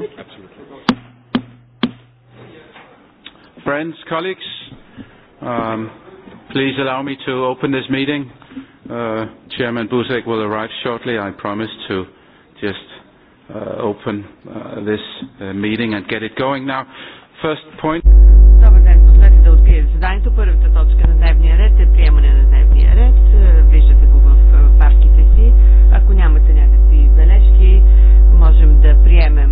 Absolutely. Friends, colleagues, um, please allow me to open this meeting. Uh, Chairman Buzek will arrive shortly. I promise to just uh, open uh, this uh, meeting and get it going now. First point. Добър ден, позволете Първата точка на дневния ред е приемане на дневния ред. Виждате го в си. Ако нямате някакви бележки, можем да приемем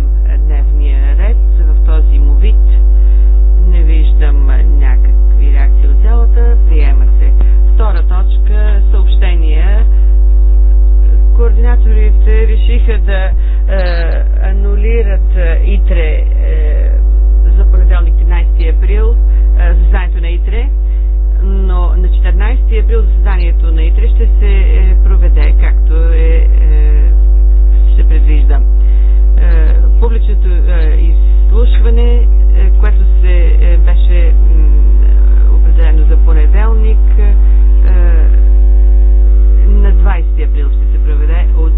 решиха да е, анулират е, ИТРЕ е, за понеделник 13 април, заседанието на ИТРЕ, но на 14 април заседанието на ИТРЕ ще се проведе, както е, ще предвижда. Публичното изслушване, което се беше определено за понеделник, на 20 април ще се проведе от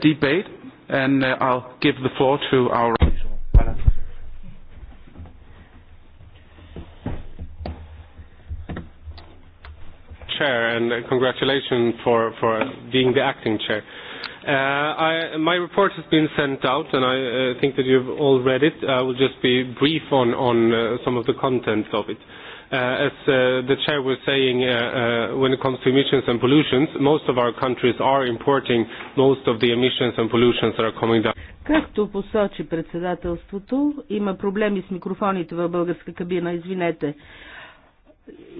debate, and uh, I'll give the floor to our. Chair, and congratulations for, for being the acting chair. Uh, I, my report has been sent out, and I uh, think that you've all read it. I will just be brief on, on uh, some of the contents of it. Uh, Uh, as uh, the chair was saying, uh, when it comes to emissions and pollutions, most of our countries are importing most of the emissions and pollutions that are coming down. Както посочи председателството, има проблеми с микрофоните в българска кабина, извинете.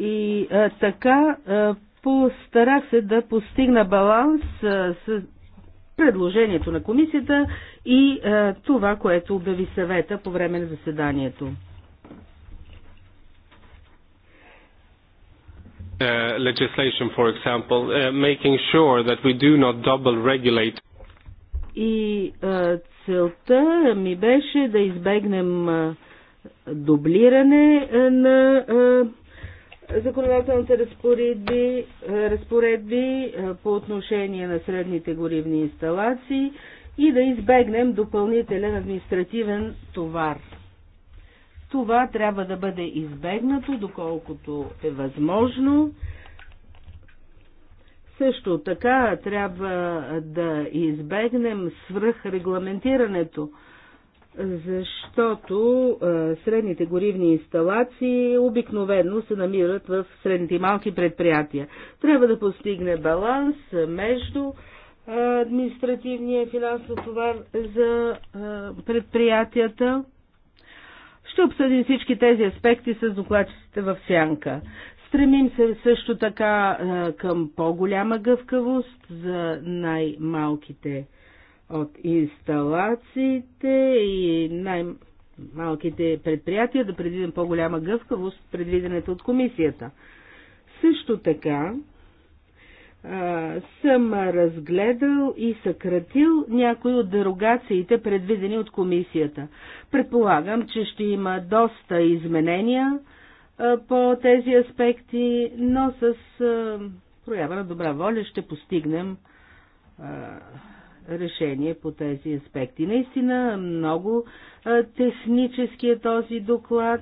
И а, така а, постарах се да постигна баланс а, с предложението на комисията и а, това, което обяви съвета по време на заседанието. Uh, legislation, for example, uh, making sure that we do not double regulate. И uh, целта ми беше да избегнем uh, дублиране uh, на uh, законодателните разпоредби, uh, разпоредби uh, по отношение на средните горивни инсталации и да избегнем допълнителен административен товар. Това трябва да бъде избегнато, доколкото е възможно. Също така трябва да избегнем свръхрегламентирането, защото средните горивни инсталации обикновено се намират в средните малки предприятия. Трябва да постигне баланс между административния финансов товар за предприятията ще обсъдим всички тези аспекти с докладчиците в сянка. Стремим се също така към по-голяма гъвкавост за най-малките от инсталациите и най-малките предприятия, да предвидим по-голяма гъвкавост предвиденето от комисията. Също така съм разгледал и съкратил някои от дерогациите, предвидени от комисията. Предполагам, че ще има доста изменения по тези аспекти, но с проява на добра воля ще постигнем решение по тези аспекти. Наистина много технически е този доклад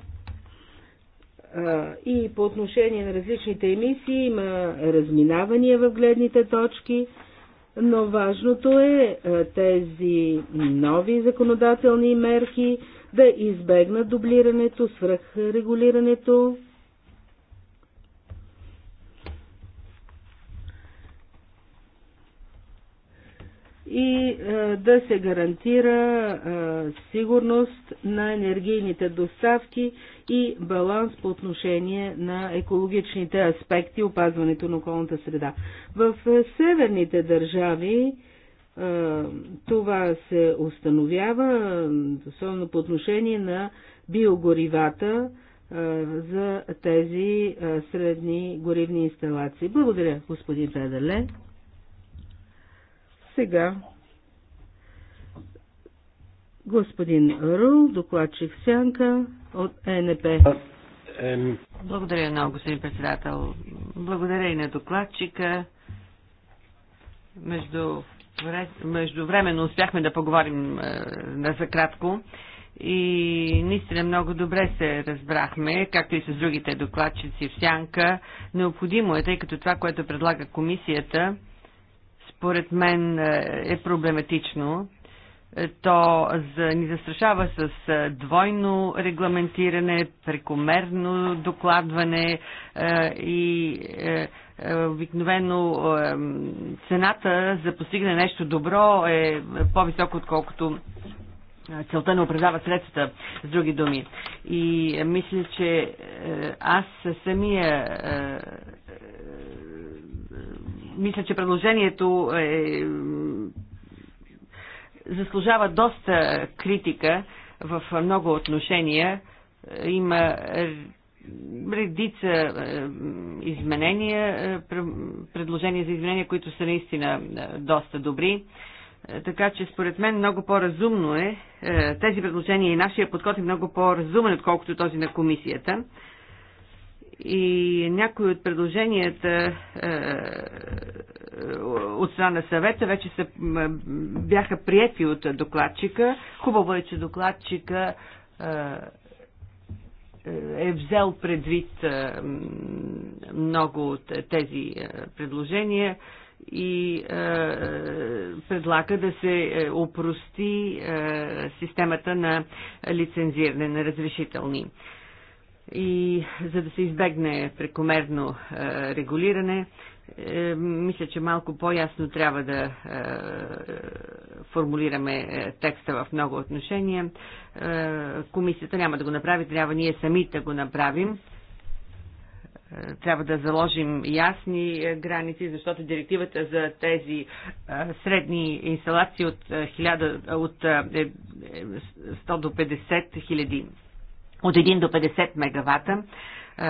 и по отношение на различните емисии има разминавания в гледните точки, но важното е тези нови законодателни мерки да избегнат дублирането, свръхрегулирането и е, да се гарантира е, сигурност на енергийните доставки и баланс по отношение на екологичните аспекти, опазването на околната среда. В е, северните държави това се установява, особено по отношение на биогоривата за тези средни горивни инсталации. Благодаря, господин Федерле. Сега господин Рул, докладчик Сянка от ЕНП. Благодаря много, господин председател. Благодаря и на докладчика. Между, между времено успяхме да поговорим е, за кратко и наистина много добре се разбрахме, както и с другите докладчици в сянка. Необходимо е, тъй като това, което предлага комисията, според мен е, е проблематично. Е, то ни застрашава с е, двойно регламентиране, прекомерно докладване и обикновено цената за постигане нещо добро е по-висока, отколкото целта не оправдава средствата, с други думи. И мисля, че аз самия мисля, че предложението е, заслужава доста критика в много отношения. Има редица е, изменения, е, предложения за изменения, които са наистина е, доста добри. Така че според мен много по-разумно е тези предложения и нашия подход е много по-разумен, отколкото този на комисията и някои от предложенията е, от страна на съвета вече са, бяха приети от докладчика. Хубаво е, че докладчика е, е, е взел предвид много от тези предложения и предлага да се опрости системата на лицензиране на разрешителни и за да се избегне прекомерно е, регулиране, е, мисля, че малко по-ясно трябва да е, формулираме текста в много отношения. Комисията няма да го направи, трябва ние сами да го направим. Трябва да заложим ясни граници, защото директивата за тези средни инсталации от, 1000, от 100 до 50 хиляди от 1 до 50 мегавата. Е,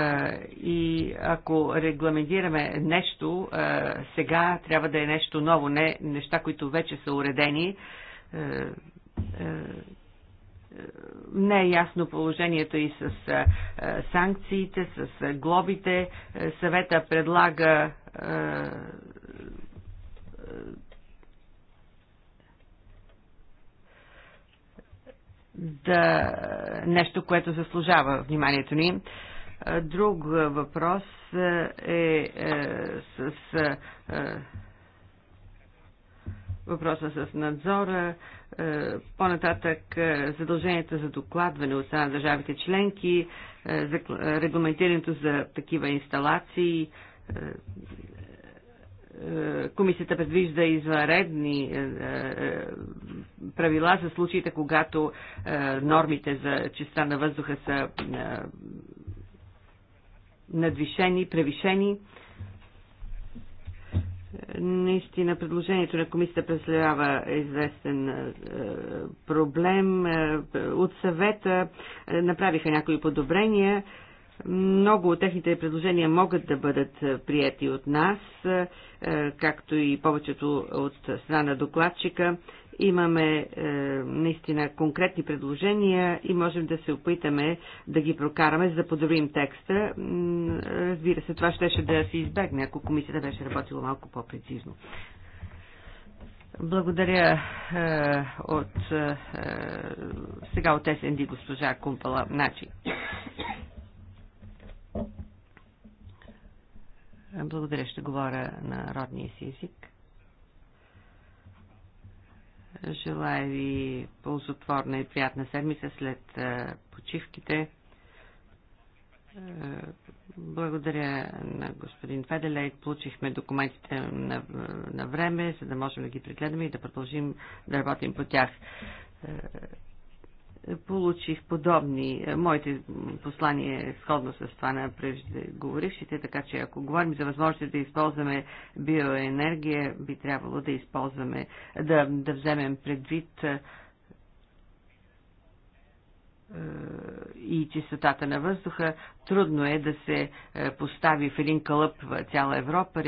и ако регламентираме нещо, е, сега трябва да е нещо ново, не неща, които вече са уредени. Е, не е ясно положението и с санкциите, с глобите. Съвета предлага да, нещо, което заслужава вниманието ни. Друг въпрос е, е с е, въпроса с надзора, по-нататък задълженията за докладване от страна държавите членки, регламентирането за такива инсталации, комисията предвижда извънредни е, е, правила за случаите, когато е, нормите за чиста на въздуха са надвишени, превишени. Наистина предложението на комисията представлява известен проблем. От съвета направиха някои подобрения много от техните предложения могат да бъдат е, прияти от нас, е, е, както и повечето от страна на докладчика. Имаме наистина конкретни предложения и можем да се опитаме да ги прокараме, за да подобрим текста. Разбира се, това щеше да се избегне, ако комисията беше работила малко по-прецизно. Благодаря е, от е, сега от СНД госпожа Кумпала Начи. Благодаря, ще говоря на родния си език. Желая ви ползотворна и приятна седмица след почивките. Благодаря на господин Феделейт. Получихме документите на, на време, за да можем да ги прегледаме и да продължим да работим по тях получих подобни. Е, моите послания е сходно с това на преждеговорившите, така че ако говорим за възможности да използваме биоенергия, би трябвало да използваме, да, да вземем предвид е, и чистотата на въздуха, трудно е да се е, постави в един кълъп в цяла Европа.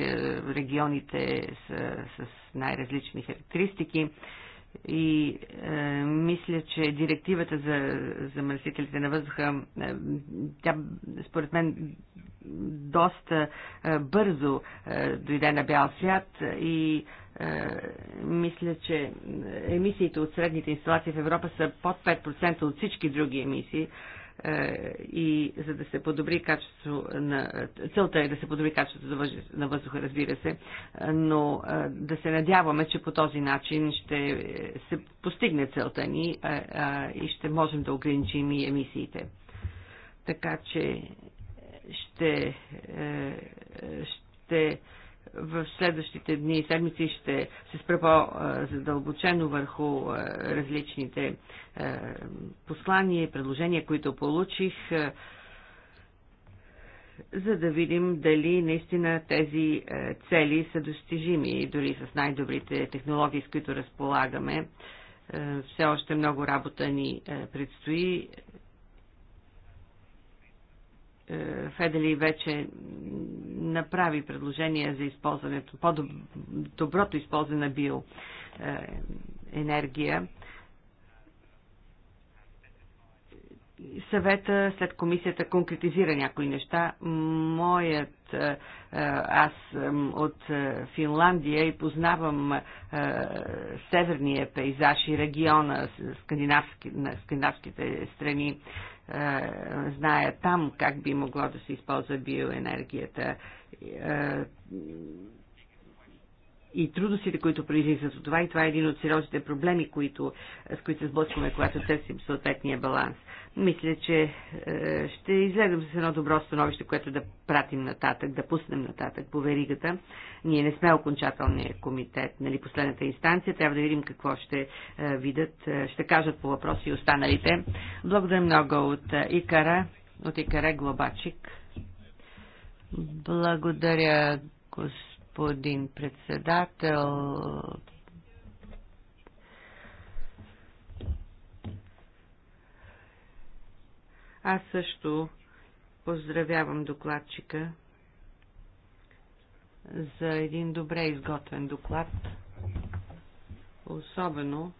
Регионите са с най-различни характеристики и е, мисля, че директивата за замърсителите на въздуха, е, тя според мен доста е, бързо е, дойде на бял свят и е, мисля, че емисиите от средните инсталации в Европа са под 5% от всички други емисии. Е, е, и за да се подобри качество на... Целта е да се подобри качеството на въздуха, разбира се, но е, да се надяваме, че по този начин ще се постигне целта ни е, и ще можем да ограничим и емисиите. Така че ще, ще в следващите дни и седмици ще се спра по-задълбочено върху е, различните е, послания и предложения, които получих, е, за да видим дали наистина тези цели са достижими, и дори с най-добрите технологии, с които разполагаме. Все още много работа ни предстои е, Федели вече направи предложение за използването, по-доброто използване на биоенергия. Е, Съвета след комисията конкретизира някои неща. Моят е, аз от Финландия и познавам северния пейзаж и региона, скандинавски, на скандинавските страни. Е, знае там как би могло да се използва биоенергията е, и трудностите, които произлизат от това, и това е един от сериозните проблеми, които, с които се сблъскваме, когато търсим съответния баланс. Мисля, че е, ще излезем с едно добро становище, което да пратим нататък, да пуснем нататък по веригата. Ние не сме окончателния комитет, нали, последната инстанция. Трябва да видим какво ще е, видят, е, ще кажат по въпроси и останалите. Благодаря много от е, Икара, от Икара Глобачик. Благодаря, господин господин председател. Аз също поздравявам докладчика за един добре изготвен доклад, особено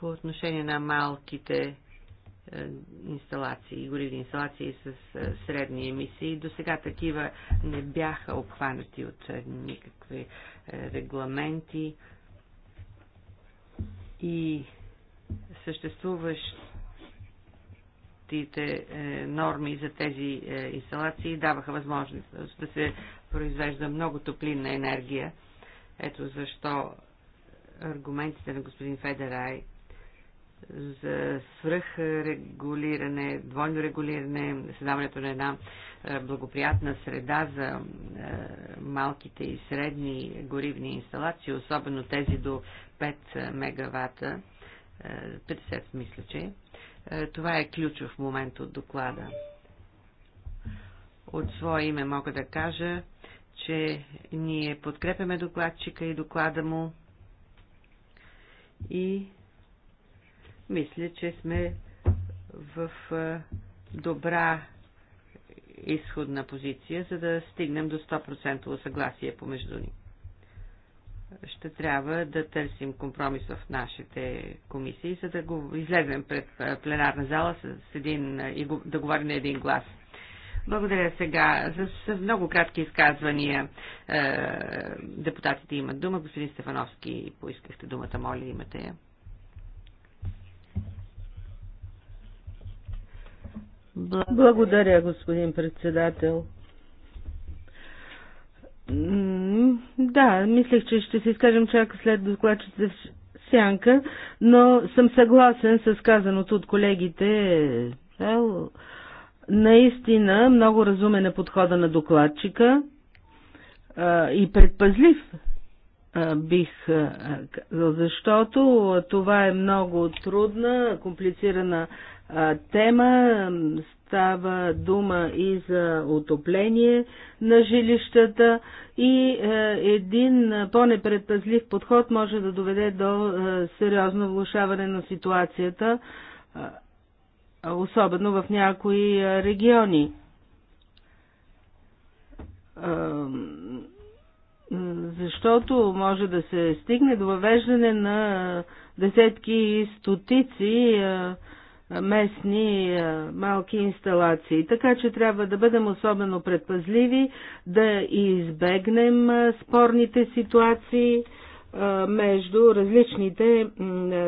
по отношение на малките е, инсталации, горивни инсталации с е, средни емисии. До сега такива не бяха обхванати от е, никакви регламенти и съществуващите норми за тези инсталации даваха възможност да се произвежда много топлинна енергия. Ето защо аргументите на господин Федерай за свръхрегулиране, двойно регулиране, създаването на една е, благоприятна среда за е, малките и средни горивни инсталации, особено тези до 5 мегавата, 50 е, мисля, че. Това е ключов момент от доклада. От свое име мога да кажа, че ние подкрепяме докладчика и доклада му и мисля, че сме в добра изходна позиция, за да стигнем до 100% съгласие помежду ни. Ще трябва да търсим компромис в нашите комисии, за да го излезем пред пленарна зала с един, и да говорим на един глас. Благодаря сега. За много кратки изказвания е, депутатите имат дума. Господин Стефановски, поискахте думата, моля, имате я. Благодаря, господин председател. Да, мислех, че ще се изкажем чак след докладчица в сянка, но съм съгласен с казаното от колегите. Наистина, много разумен е подхода на докладчика и предпазлив бих казал, защото това е много трудна, комплицирана тема. Става дума и за отопление на жилищата и е, един по-непредпазлив подход може да доведе до е, сериозно влушаване на ситуацията, особено в някои е, региони защото може да се стигне до въвеждане на десетки и стотици местни е, малки инсталации. Така че трябва да бъдем особено предпазливи, да избегнем е, спорните ситуации е, между различните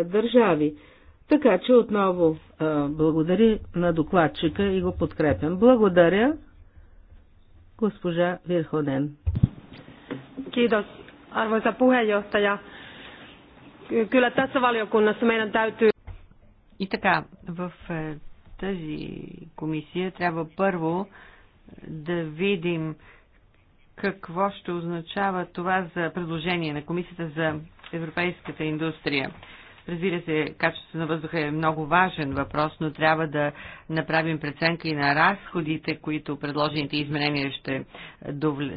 държави. Така че отново благодаря на докладчика и го подкрепям. Благодаря, госпожа Вирходен. Kiitos, arvoisa puheenjohtaja. Kyllä tässä valiokunnassa meidän täytyy и така, в е, тази комисия трябва първо е, да видим какво ще означава това за предложение на Комисията за европейската индустрия. Разбира се, качеството на въздуха е много важен въпрос, но трябва да направим преценка и на разходите, които предложените изменения ще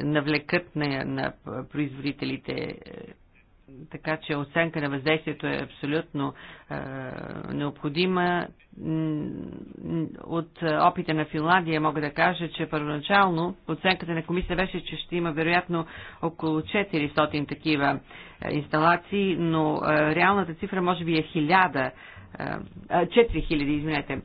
навлекат на, на производителите е, така че оценка на въздействието е абсолютно е, необходима. От опита на Финландия мога да кажа, че първоначално оценката на комисия беше, че ще има вероятно около 400 такива е, инсталации, но е, реалната цифра може би е 1000, е, 4000, извинете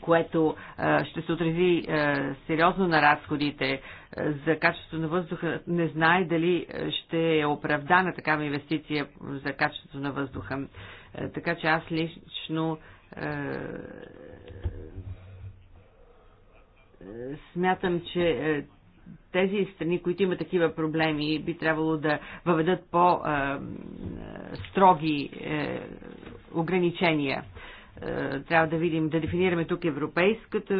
което е, ще се отрази е, сериозно на разходите за качество на въздуха не знае дали е, ще е оправдана такава инвестиция за качеството на въздуха. Е, така че аз лично е, смятам, че тези страни, които имат такива проблеми, би трябвало да въведат по-строги ограничения е, трябва да видим, да дефинираме тук европейските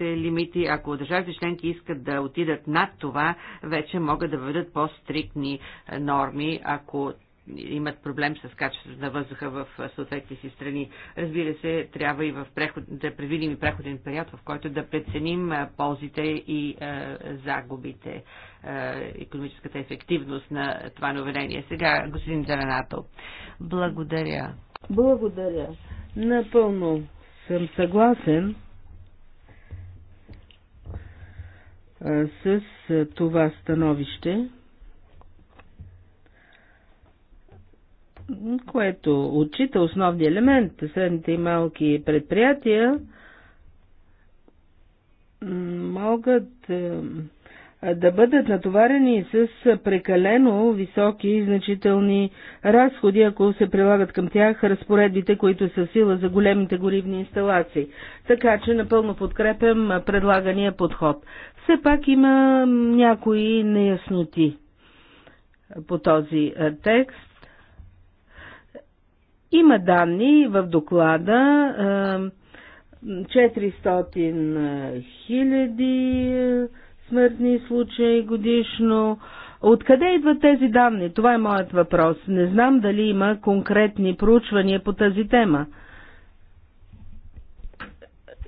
е, лимити. Ако държавите членки искат да отидат над това, вече могат да въведат по-стриктни е, норми, ако имат проблем с качеството на въздуха в съответните си страни. Разбира се, трябва и в преход, да предвидим и преходен период, в който да преценим ползите и е, загубите, е, економическата ефективност на това новеление. Сега, господин Зеленато. Благодаря. Благодаря. Напълно съм съгласен с това становище, което отчита основния елемент, средните и малки предприятия могат да бъдат натоварени с прекалено високи и значителни разходи, ако се прилагат към тях разпоредбите, които са сила за големите горивни инсталации. Така че напълно подкрепям предлагания подход. Все пак има някои неясноти по този текст. Има данни в доклада 400 хиляди 000 смъртни случаи годишно. Откъде идват тези данни? Това е моят въпрос. Не знам дали има конкретни проучвания по тази тема.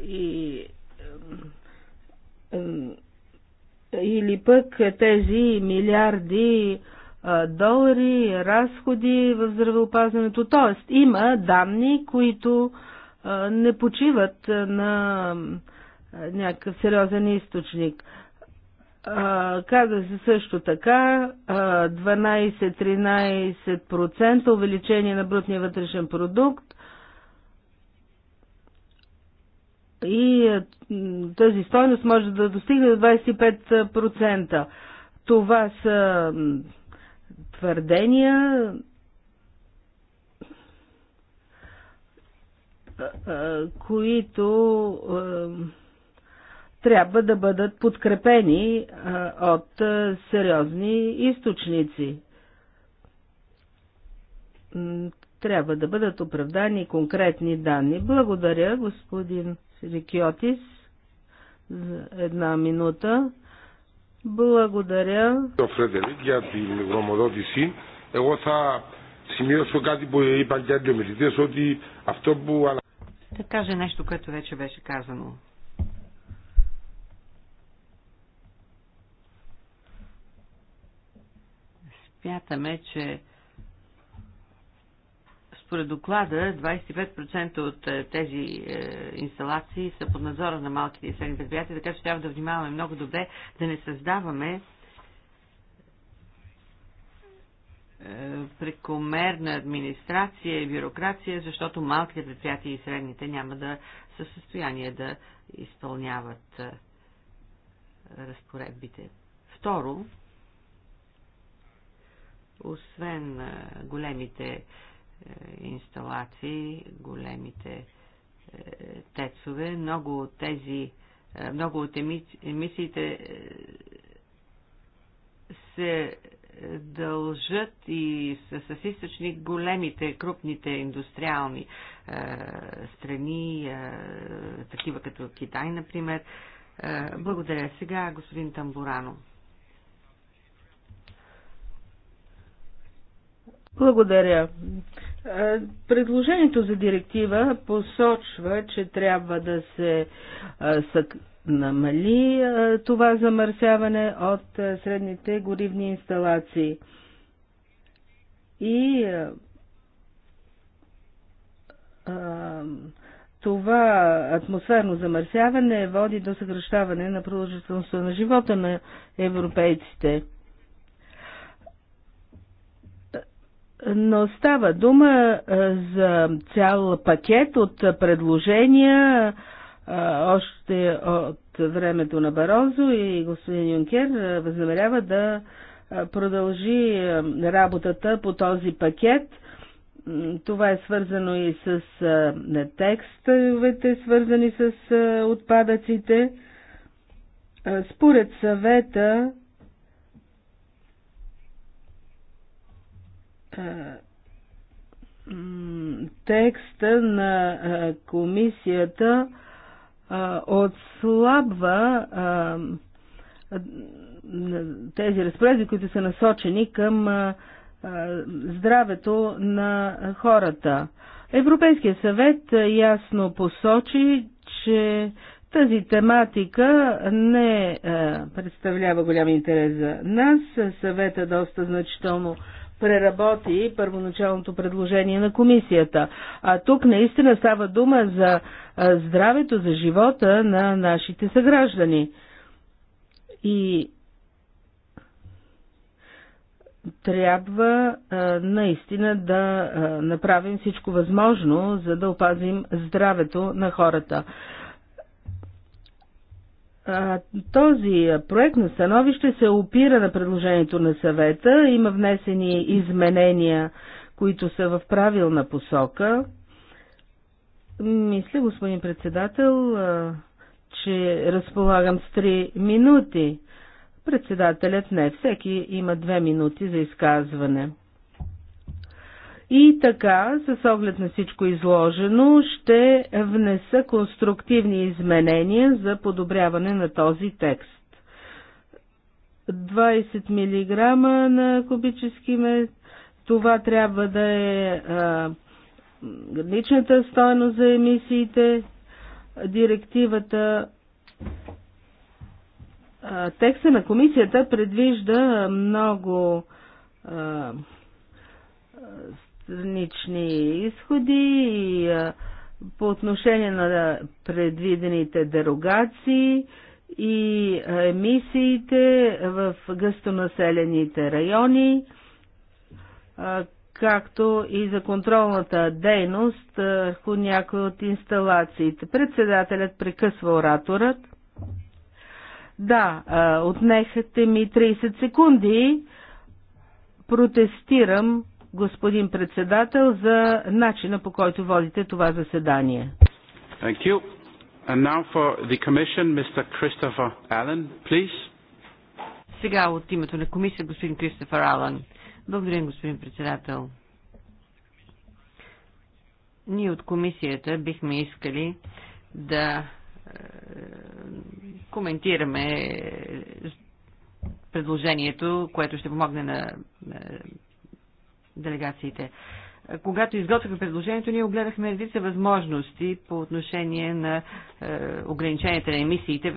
И... Или пък тези милиарди долари, разходи в здравеопазването. Тоест, има данни, които не почиват на някакъв сериозен източник. Каза се също така 12-13% увеличение на брутния вътрешен продукт и тази стойност може да достигне до 25%. Това са твърдения, които трябва да бъдат подкрепени от сериозни източници. Трябва да бъдат оправдани конкретни данни. Благодаря, господин Рикиотис, за една минута. Благодаря. Фредерик, για την γνωμοδότηση. Εγώ θα κάτι που είπαν και ότι αυτό που... Да каже нещо, което вече беше казано Смятаме, че според доклада 25% от е, тези е, инсталации са под надзора на малките и средни предприятия, така че трябва да внимаваме много добре да не създаваме е, прекомерна администрация и бюрокрация, защото малките предприятия и средните няма да са в състояние да изпълняват е, разпоредбите. Второ, освен големите е, инсталации, големите е, тецове, много от тези, е, много от емисиите се дължат и са с източник големите, крупните индустриални е, страни, е, такива като Китай, например. Е, благодаря. Сега господин Тамбурано. Благодаря. Е, предложението за директива посочва, че трябва да се е, намали е, това замърсяване от средните горивни инсталации. И това атмосферно замърсяване води до съкръщаване на продължителността на живота на европейците. но става дума за цял пакет от предложения още от времето на Барозо и господин Юнкер възнамерява да продължи работата по този пакет. Това е свързано и с текстовете, свързани с отпадъците. Според съвета, Е, текста на е, комисията е, отслабва тези разпоредби, които са насочени към здравето на хората. Европейския съвет ясно посочи, че тази тематика не представлява голям интерес за нас. Съвета доста значително преработи първоначалното предложение на комисията. А тук наистина става дума за здравето, за живота на нашите съграждани. И трябва а, наистина да а, направим всичко възможно, за да опазим здравето на хората. Този проект на становище се опира на предложението на съвета. Има внесени изменения, които са в правилна посока. Мисля, господин председател, че разполагам с три минути. Председателят не, всеки има две минути за изказване. И така, с оглед на всичко изложено, ще внеса конструктивни изменения за подобряване на този текст. 20 мг на кубически метр, това трябва да е личната граничната стойност за емисиите, директивата а, текста на комисията предвижда много а, странични изходи и по отношение на предвидените дерогации и емисиите в гъстонаселените райони, както и за контролната дейност върху някои от инсталациите. Председателят прекъсва ораторът. Да, отнехате ми 30 секунди. Протестирам господин председател, за начина по който водите това заседание. Thank you. And now for the commission, Mr. Christopher Allen, please. Сега от името на комисия, господин Кристофър Алън. Благодаря, господин председател. Ние от комисията бихме искали да е, коментираме предложението, което ще помогне на е, делегациите. Когато изготвяхме предложението, ние огледахме редица възможности по отношение на е, ограниченията на емисиите е,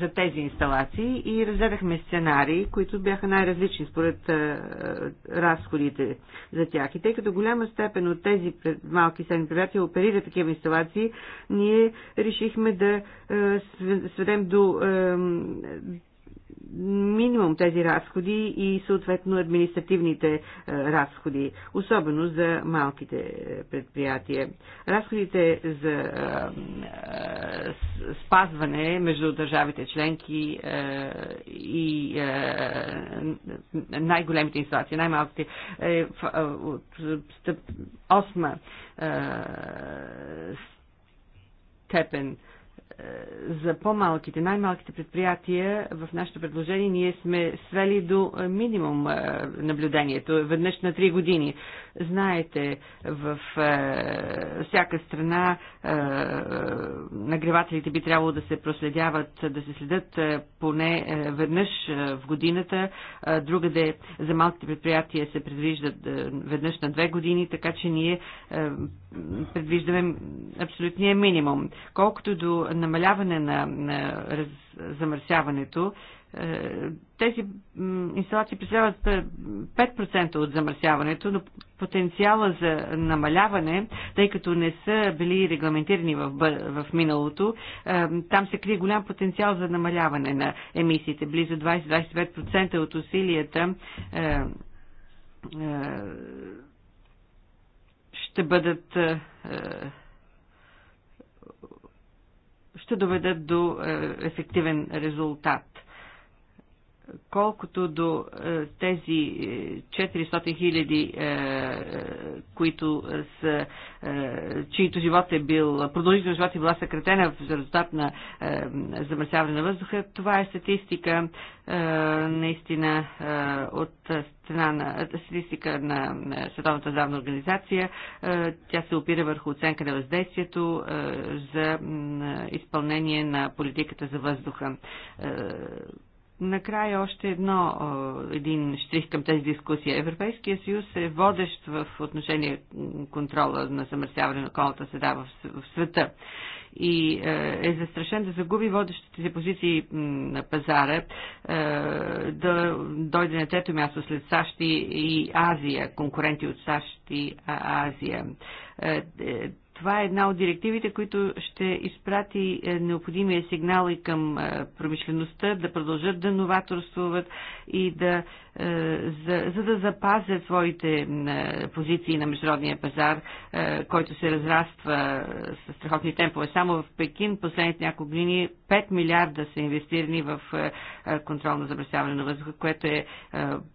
за тези инсталации и разгледахме сценарии, които бяха най-различни според е, разходите за тях. И тъй като голяма степен от тези малки седми предприятия оперира такива инсталации, ние решихме да е, сведем до. Е, минимум тези разходи и съответно административните е, разходи, особено за малките е, предприятия. Разходите за е, спазване между държавите членки и най-големите инсталации, най-малките е от 8 осма степен за по-малките, най-малките предприятия в нашето предложение ние сме свели до е, минимум е, наблюдението, веднъж на 3 години. Знаете, в е, всяка страна нагревателите би трябвало да се проследяват, да се следят поне веднъж в годината, другаде за малките предприятия се предвиждат веднъж на 2 години, така че ние предвиждаме абсолютния минимум. Колкото до намерението намаляване на, на раз, замърсяването, е, тези инсталации представляват 5% от замърсяването, но потенциала за намаляване, тъй като не са били регламентирани в, в миналото, е, там се крие голям потенциал за намаляване на емисиите. Близо 20-25% от усилията е, ще бъдат ще доведат до е, ефективен резултат. Колкото до е, тези 400 е, хиляди, е, които са, чието живот е бил, продължително живот е била съкратена в резултат на замърсяване на въздуха, това е статистика наистина от страна на статистика на Световната здравна организация. Тя се опира върху оценка на въздействието за изпълнение на политиката за въздуха Накрая още едно, един штрих към тази дискусия. Европейския съюз е водещ в отношение контрола на замърсяване на околната среда в, света и е, е застрашен да загуби водещите си позиции на пазара, е, да дойде на трето място след САЩ и Азия, конкуренти от САЩ и Азия. Е, това е една от директивите, които ще изпрати е, необходимия сигнал и към е, промишлеността да продължат да новаторствуват и да е, за, за да запазят своите е, позиции на международния пазар, е, който се разраства с страхотни темпове. Само в Пекин последните няколко години 5 милиарда са инвестирани в контролно замърсяване на въздуха, което е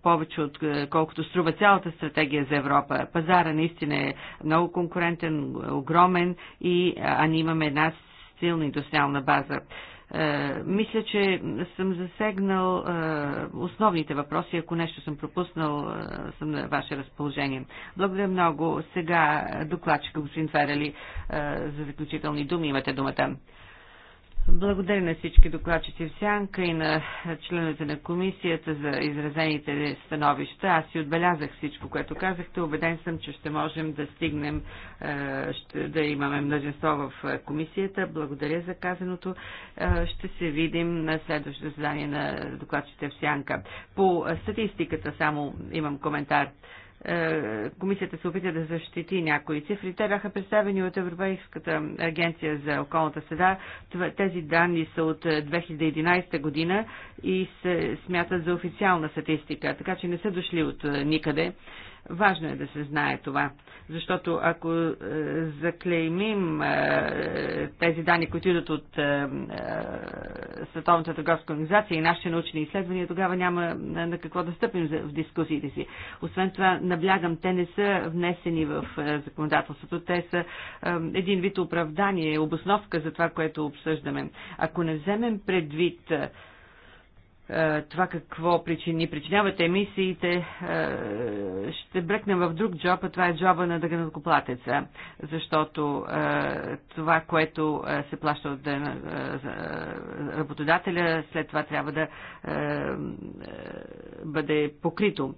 повече от колкото струва цялата стратегия за Европа. Пазара наистина е много конкурентен, огромен, и, а ние имаме една силна индустриална база. Е, мисля, че съм засегнал е, основните въпроси. Ако нещо съм пропуснал, е, съм на ваше разположение. Благодаря много. Сега докладчика господин Ферели за заключителни думи. Имате думата. Благодаря на всички докладчици в Сянка и на членовете на комисията за изразените становища. Аз си отбелязах всичко, което казахте. Обеден съм, че ще можем да стигнем, е, ще, да имаме множество в е, комисията. Благодаря за казаното. Е, ще се видим на следващото задание на докладчите в Сянка. По статистиката само имам коментар. Е, комисията се опита да защити някои цифри. Те бяха представени от Европейската агенция за околната среда. Тези данни са от 2011 е, година и се смятат за официална статистика, така че не са дошли от е, никъде. Важно е да се знае това, защото ако е, заклеймим е, тези данни, които идват от е, е, Световната търговска организация и нашите научни изследвания, тогава няма на, на какво да стъпим за, в дискусиите си. Освен това, наблягам, те не са внесени в е, законодателството, те са е, един вид оправдание, обосновка за това, което обсъждаме. Ако не вземем предвид е, е, това какво причини, причиняват емисиите, е, ще брекнем в друг джоб, а това е джоба на дъгнокоплатеца, защото е, това, което се плаща от работодателя, след това трябва да бъде покрито.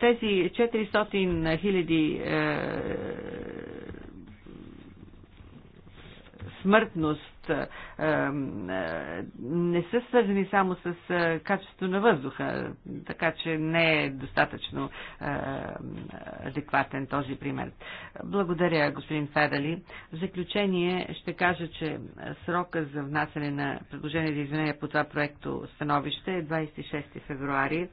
Тези 400 хиляди смъртност не са свързани само с качество на въздуха, така че не е достатъчно адекватен този пример. Благодаря, господин Федали. В заключение ще кажа, че срока за внасяне на предложение за изменение по това проекто становище е 26 февруари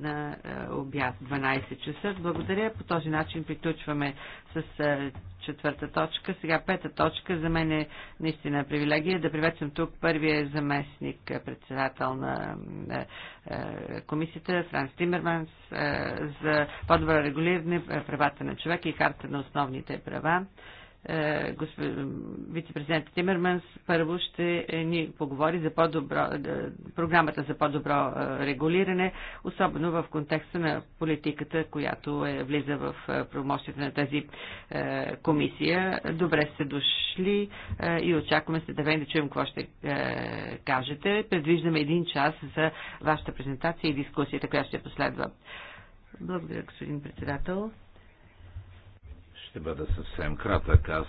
на е, обяд 12 часа. Благодаря. По този начин приключваме с е, четвърта точка. Сега пета точка. За мен е наистина привилегия да приветствам тук първия заместник е, председател на комисията Франс Тимерманс за по-добро регулиране правата на човека и карта на основните права. Е, вице-президент Тимерманс първо ще е, ни поговори за по-добро, е, програмата за по-добро регулиране, особено в контекста на политиката, която е влиза в промощите на тази комисия. Добре сте дошли и очакваме се да да чуем какво ще кажете. Предвиждаме един час за вашата презентация и дискусията, която ще последва. Благодаря, господин председател. Ще бъда съвсем кратък. Аз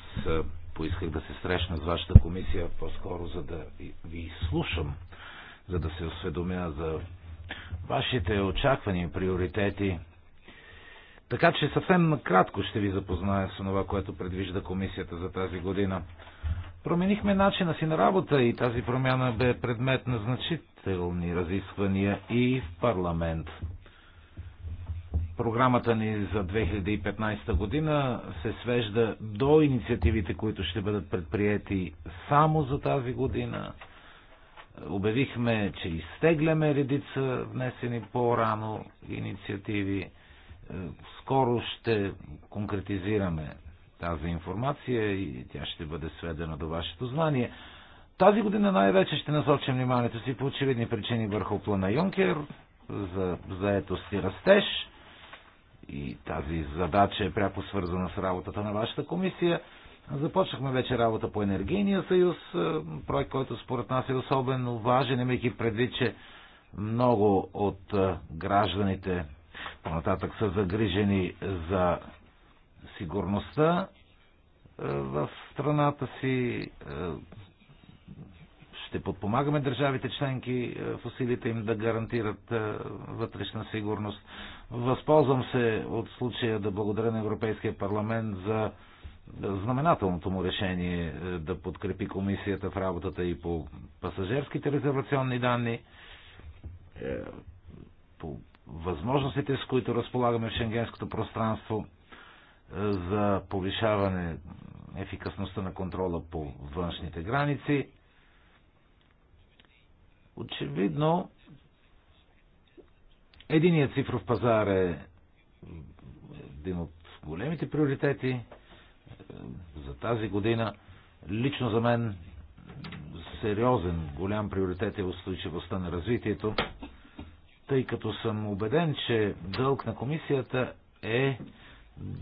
поисках да се срещна с вашата комисия по-скоро, за да ви слушам, за да се осведомя за вашите очаквани приоритети. Така че съвсем кратко ще ви запозная с това, което предвижда комисията за тази година. Променихме начина си на работа и тази промяна бе предмет на значителни разисквания и в парламент. Програмата ни за 2015 година се свежда до инициативите, които ще бъдат предприяти само за тази година. Обявихме, че изтегляме редица внесени по-рано инициативи. Е, скоро ще конкретизираме тази информация и тя ще бъде сведена до вашето знание. Тази година най-вече ще насочим вниманието си по очевидни причини върху плана Юнкер за заетост и растеж – и тази задача е пряко свързана с работата на вашата комисия. Започнахме вече работа по Енергийния съюз, е, проект, който според нас е особено важен, имайки предвид, че много от е, гражданите по-нататък са загрижени за сигурността е, в страната си. Ще подпомагаме държавите членки в усилите им да гарантират вътрешна сигурност. Възползвам се от случая да благодаря на Европейския парламент за знаменателното му решение е, да подкрепи комисията в работата и по пасажирските резервационни данни, е, по възможностите, с които разполагаме в шенгенското пространство е, за повишаване ефикасността на контрола по външните граници. Очевидно, Единият цифров пазар е един от големите приоритети е, за тази година. Лично за мен сериозен, голям приоритет е устойчивостта на развитието, тъй като съм убеден, че дълг на комисията е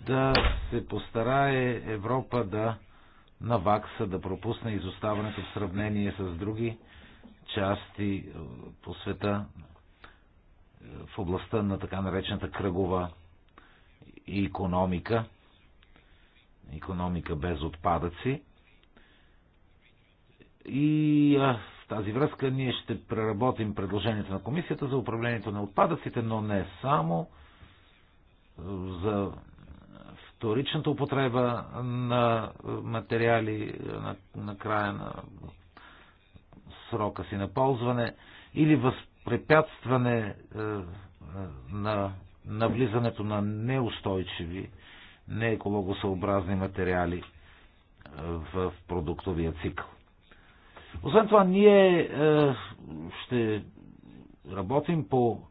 да се постарае Европа да навакса, да пропусне изоставането в сравнение с други части е, по света, в областта на така наречената кръгова економика, економика без отпадъци. И а, в тази връзка ние ще преработим предложението на комисията за управлението на отпадъците, но не само за вторичната употреба на материали на, на края на срока си на ползване или възп Препятстване е, на навлизането на неустойчиви, неекологосъобразни материали е, в продуктовия цикъл. Освен това, ние е, ще работим по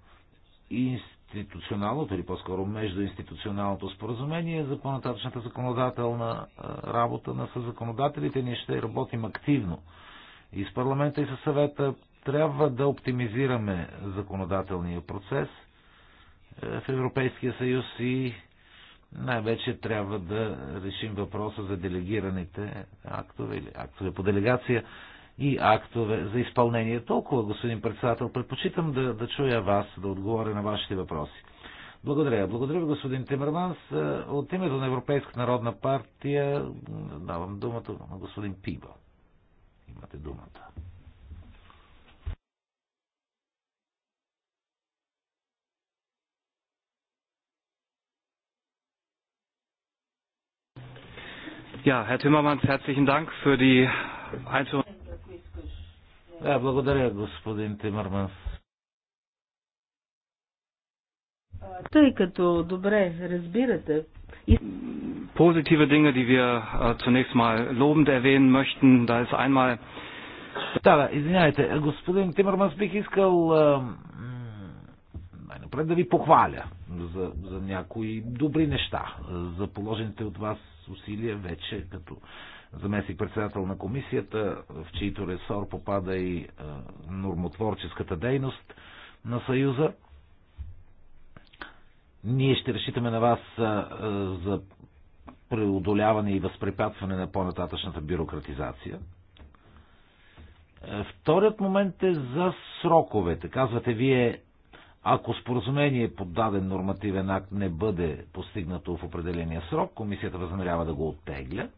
институционалното или по-скоро междуинституционалното споразумение за по-нататъчната законодателна работа на съзаконодателите. Ние ще работим активно и с парламента, и с съвета трябва да оптимизираме законодателния процес е, в Европейския съюз и най-вече трябва да решим въпроса за делегираните актове или актове по делегация и актове за изпълнение. Толкова, господин председател, предпочитам да, да чуя вас, да отговоря на вашите въпроси. Благодаря. Благодаря ви, господин Тимерманс. Е, от името на Европейска народна партия давам думата на господин Пиба. Имате думата. Ja, Herr Timmermans, herzlichen Dank für die Einführung. Да, благодаря, господин Тимърманс. Тъй като добре разбирате. Positive Dinge, die wir äh, zunächst mal lobend erwähnen möchten, da ist einmal. Да, да, извиняйте, господин Тимърманс, бих искал най-напред да ви похваля за, за някои добри неща, за положените от вас усилия вече като заместник председател на комисията, в чийто ресор попада и е, нормотворческата дейност на Съюза. Ние ще решитаме на вас е, за преодоляване и възпрепятстване на по-нататъчната бюрократизация. Е, вторият момент е за сроковете. Казвате вие ако споразумение по даден нормативен акт не бъде постигнато в определения срок, комисията възнамерява да го оттегля.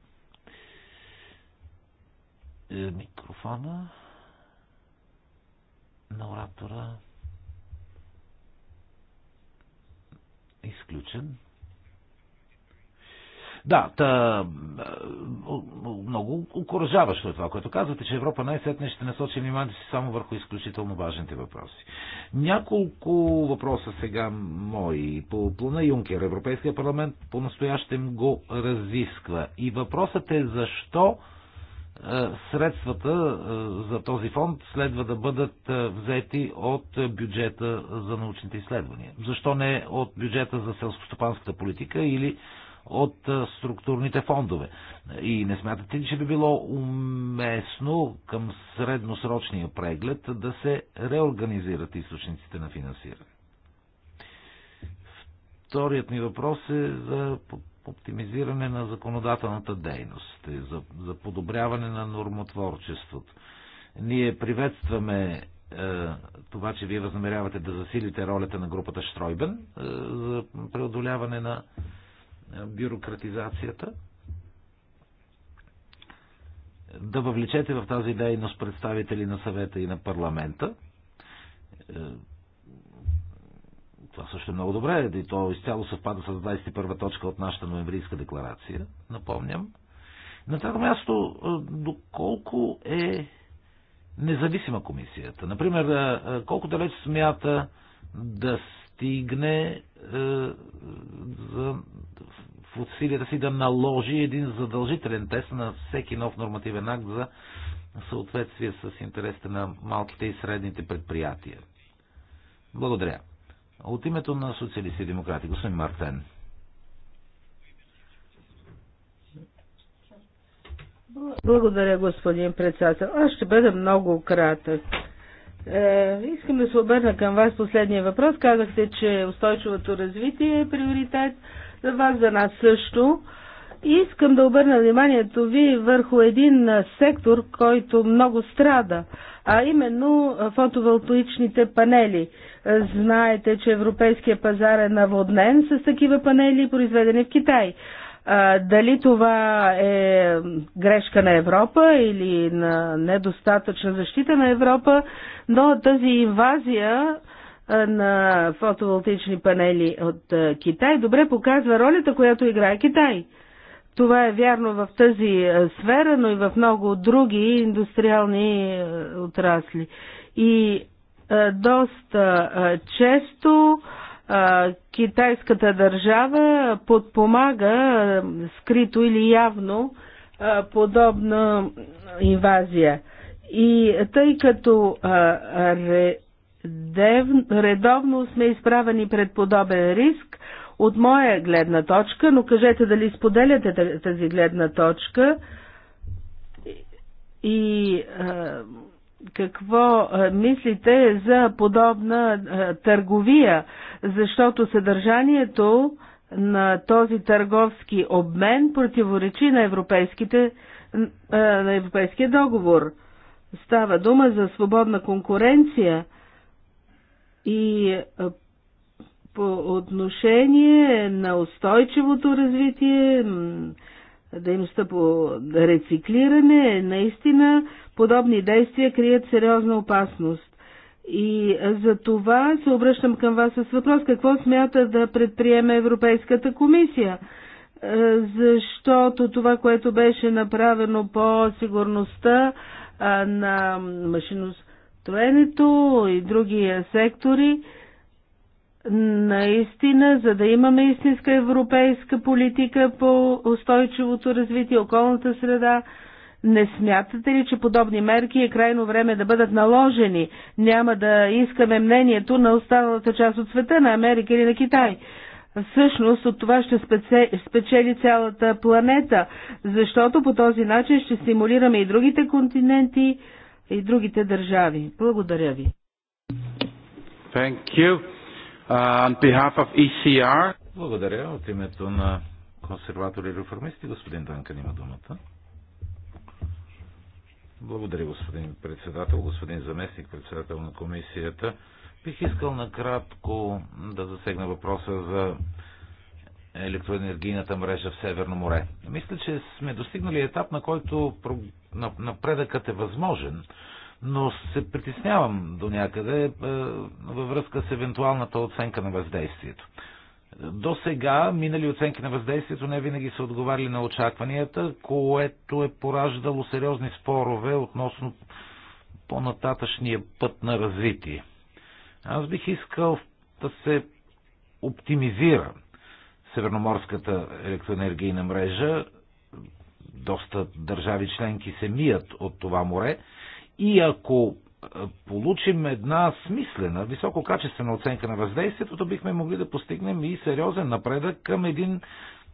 Е, микрофона на оратора изключен. Да, та, много окоръжаващо е това, което казвате, че Европа най-сетне ще насочи вниманието си само върху изключително важните въпроси. Няколко въпроса сега мои. По плана Юнкер, Европейския парламент по-настоящем го разисква. И въпросът е защо е, средствата е, за този фонд следва да бъдат е, взети от бюджета за научните изследвания. Защо не от бюджета за селскостопанската политика или от структурните фондове. И не смятате ли, че би било уместно към средносрочния преглед да се реорганизират източниците на финансиране? Вторият ми въпрос е за оптимизиране на законодателната дейност, е за, за подобряване на нормотворчеството. Ние приветстваме е, това, че вие възнамерявате да засилите ролята на групата Штройбен е, за преодоляване на бюрократизацията, да въвлечете в тази дейност представители на съвета и на парламента. Е, това също е много добре. И то изцяло съвпада с 21 точка от нашата ноемврийска декларация, напомням. На трето място, е, доколко е независима комисията? Например, е, колко далеч смята да стигне е, за, в усилията си да наложи един задължителен тест на всеки нов нормативен акт за съответствие с интересите на малките и средните предприятия. Благодаря. От името на социалисти и демократи, господин Мартен. Благодаря, господин председател. Аз ще бъда много кратък. Е, искам да се обърна към вас последния въпрос. Казахте, че устойчивото развитие е приоритет за вас, за нас също. И искам да обърна вниманието ви върху един сектор, който много страда, а именно фотоволтоичните панели. Е, знаете, че европейския пазар е наводнен с такива панели, произведени в Китай. Дали това е грешка на Европа или на недостатъчна защита на Европа, но тази инвазия на фотоволтични панели от Китай добре показва ролята, която играе Китай. Това е вярно в тази сфера, но и в много други индустриални отрасли. И доста често китайската държава подпомага скрито или явно подобна инвазия. И тъй като редовно сме изправени пред подобен риск, от моя гледна точка, но кажете дали споделяте тази гледна точка и какво мислите за подобна търговия, защото съдържанието на този търговски обмен противоречи на, европейските, на европейския договор. Става дума за свободна конкуренция и по отношение на устойчивото развитие, дейността по рециклиране, е наистина подобни действия крият сериозна опасност. И за това се обръщам към вас с въпрос какво смята да предприеме Европейската комисия, е, защото това, което беше направено по сигурността е, на машиностроенето и други сектори, наистина, за да имаме истинска европейска политика по устойчивото развитие, околната среда, не смятате ли, че подобни мерки е крайно време да бъдат наложени? Няма да искаме мнението на останалата част от света, на Америка или на Китай. Всъщност от това ще спечели цялата планета, защото по този начин ще стимулираме и другите континенти, и другите държави. Благодаря ви. Thank you on behalf of ECR. Благодаря. От името на консерватори и реформисти, господин Данкан има думата. Благодаря, господин председател, господин заместник председател на комисията. Бих искал накратко да засегна въпроса за електроенергийната мрежа в Северно море. Мисля, че сме достигнали етап, на който напредъкът е възможен, но се притеснявам до някъде е, във връзка с евентуалната оценка на въздействието. До сега минали оценки на въздействието не винаги са отговаряли на очакванията, което е пораждало сериозни спорове относно по-нататъчния път на развитие. Аз бих искал да се оптимизира Северноморската електроенергийна мрежа. Доста държави членки се мият от това море и ако е, получим една смислена, висококачествена оценка на въздействието, то бихме могли да постигнем и сериозен напредък към един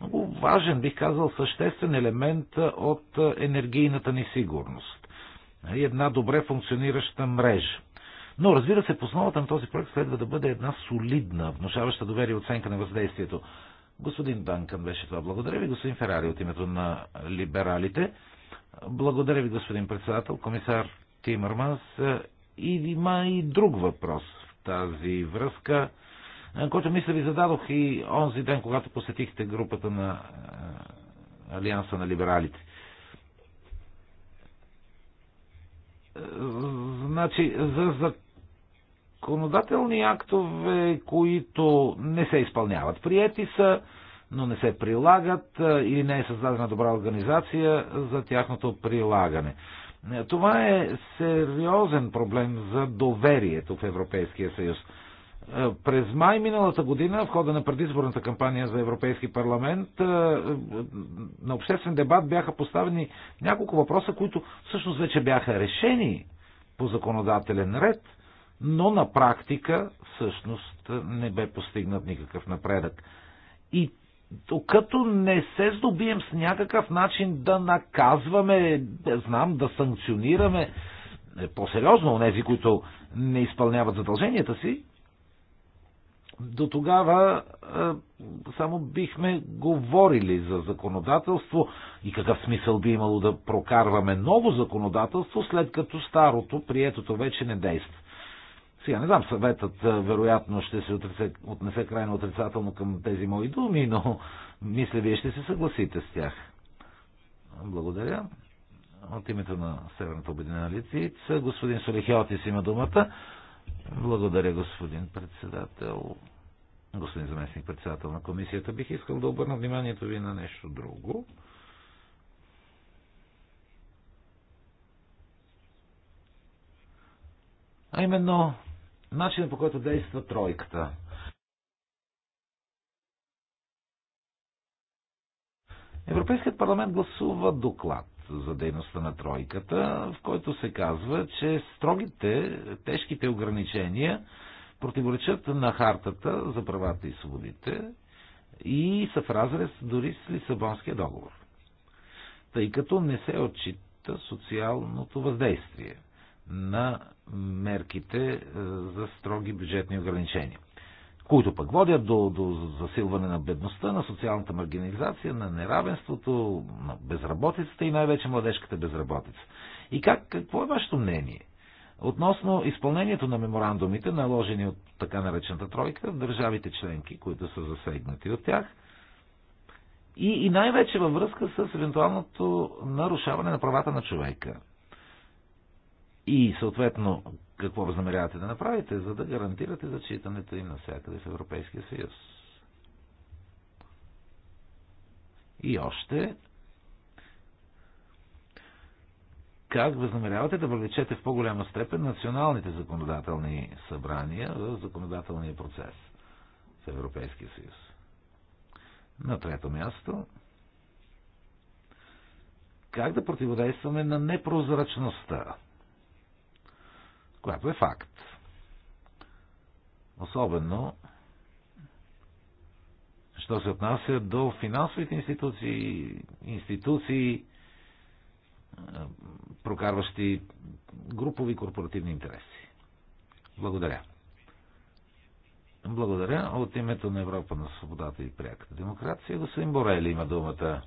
много важен, бих казал, съществен елемент е, от е, енергийната ни сигурност. Една добре функционираща мрежа. Но, разбира се, по основата на този проект следва да бъде една солидна, внушаваща доверие оценка на въздействието. Господин Данкан беше това. Благодаря ви, господин Ферари, от името на либералите. Благодаря ви, господин председател, комисар Тимърманс. И има и друг въпрос в тази връзка, който мисля ви зададох и онзи ден, когато посетихте групата на Алианса на либералите. Значи, за законодателни актове, които не се изпълняват. Приети са, но не се прилагат или не е създадена добра организация за тяхното прилагане. Това е сериозен проблем за доверието в Европейския съюз. Е, през май миналата година, в хода на предизборната кампания за Европейски парламент, е, на обществен дебат бяха поставени няколко въпроса, които всъщност вече бяха решени по законодателен ред, но на практика всъщност не бе постигнат никакъв напредък. И докато не се здобием с някакъв начин да наказваме, да знам, да санкционираме е, по-сериозно тези, които не изпълняват задълженията си, до тогава е, само бихме говорили за законодателство и какъв смисъл би имало да прокарваме ново законодателство, след като старото, приетото вече не действа. Сега не знам, съветът вероятно ще се отрице, отнесе крайно отрицателно към тези мои думи, но мисля, вие ще се съгласите с тях. Благодаря. От името на Северната обединена лицица, господин Солихиотис има думата. Благодаря, господин председател. Господин заместник председател на комисията, бих искал да обърна вниманието ви на нещо друго. А именно начинът по който действа тройката. Европейският парламент гласува доклад за дейността на тройката, в който се казва, че строгите, тежките ограничения противоречат на хартата за правата и свободите и са в разрез дори с Лисабонския договор, тъй като не се отчита социалното въздействие на мерките е, за строги бюджетни ограничения, които пък водят до, до засилване на бедността, на социалната маргинализация, на неравенството, на безработицата и най-вече младежката безработица. И как, какво е вашето мнение? Относно изпълнението на меморандумите, наложени от така наречената тройка, държавите членки, които са засегнати от тях, и, и най-вече във връзка с евентуалното нарушаване на правата на човека и съответно, какво възнамерявате да направите, за да гарантирате зачитането им навсякъде в Европейския съюз? И още, как възнамерявате да въвлечете в по-голяма степен националните законодателни събрания в законодателния процес в Европейския съюз? На трето място, как да противодействаме на непрозрачността което е факт. Особено, що се отнася до финансовите институции, институции, е, прокарващи групови корпоративни интереси. Благодаря. Благодаря. От името на Европа на свободата и пряката демокрация, господин Борели има думата.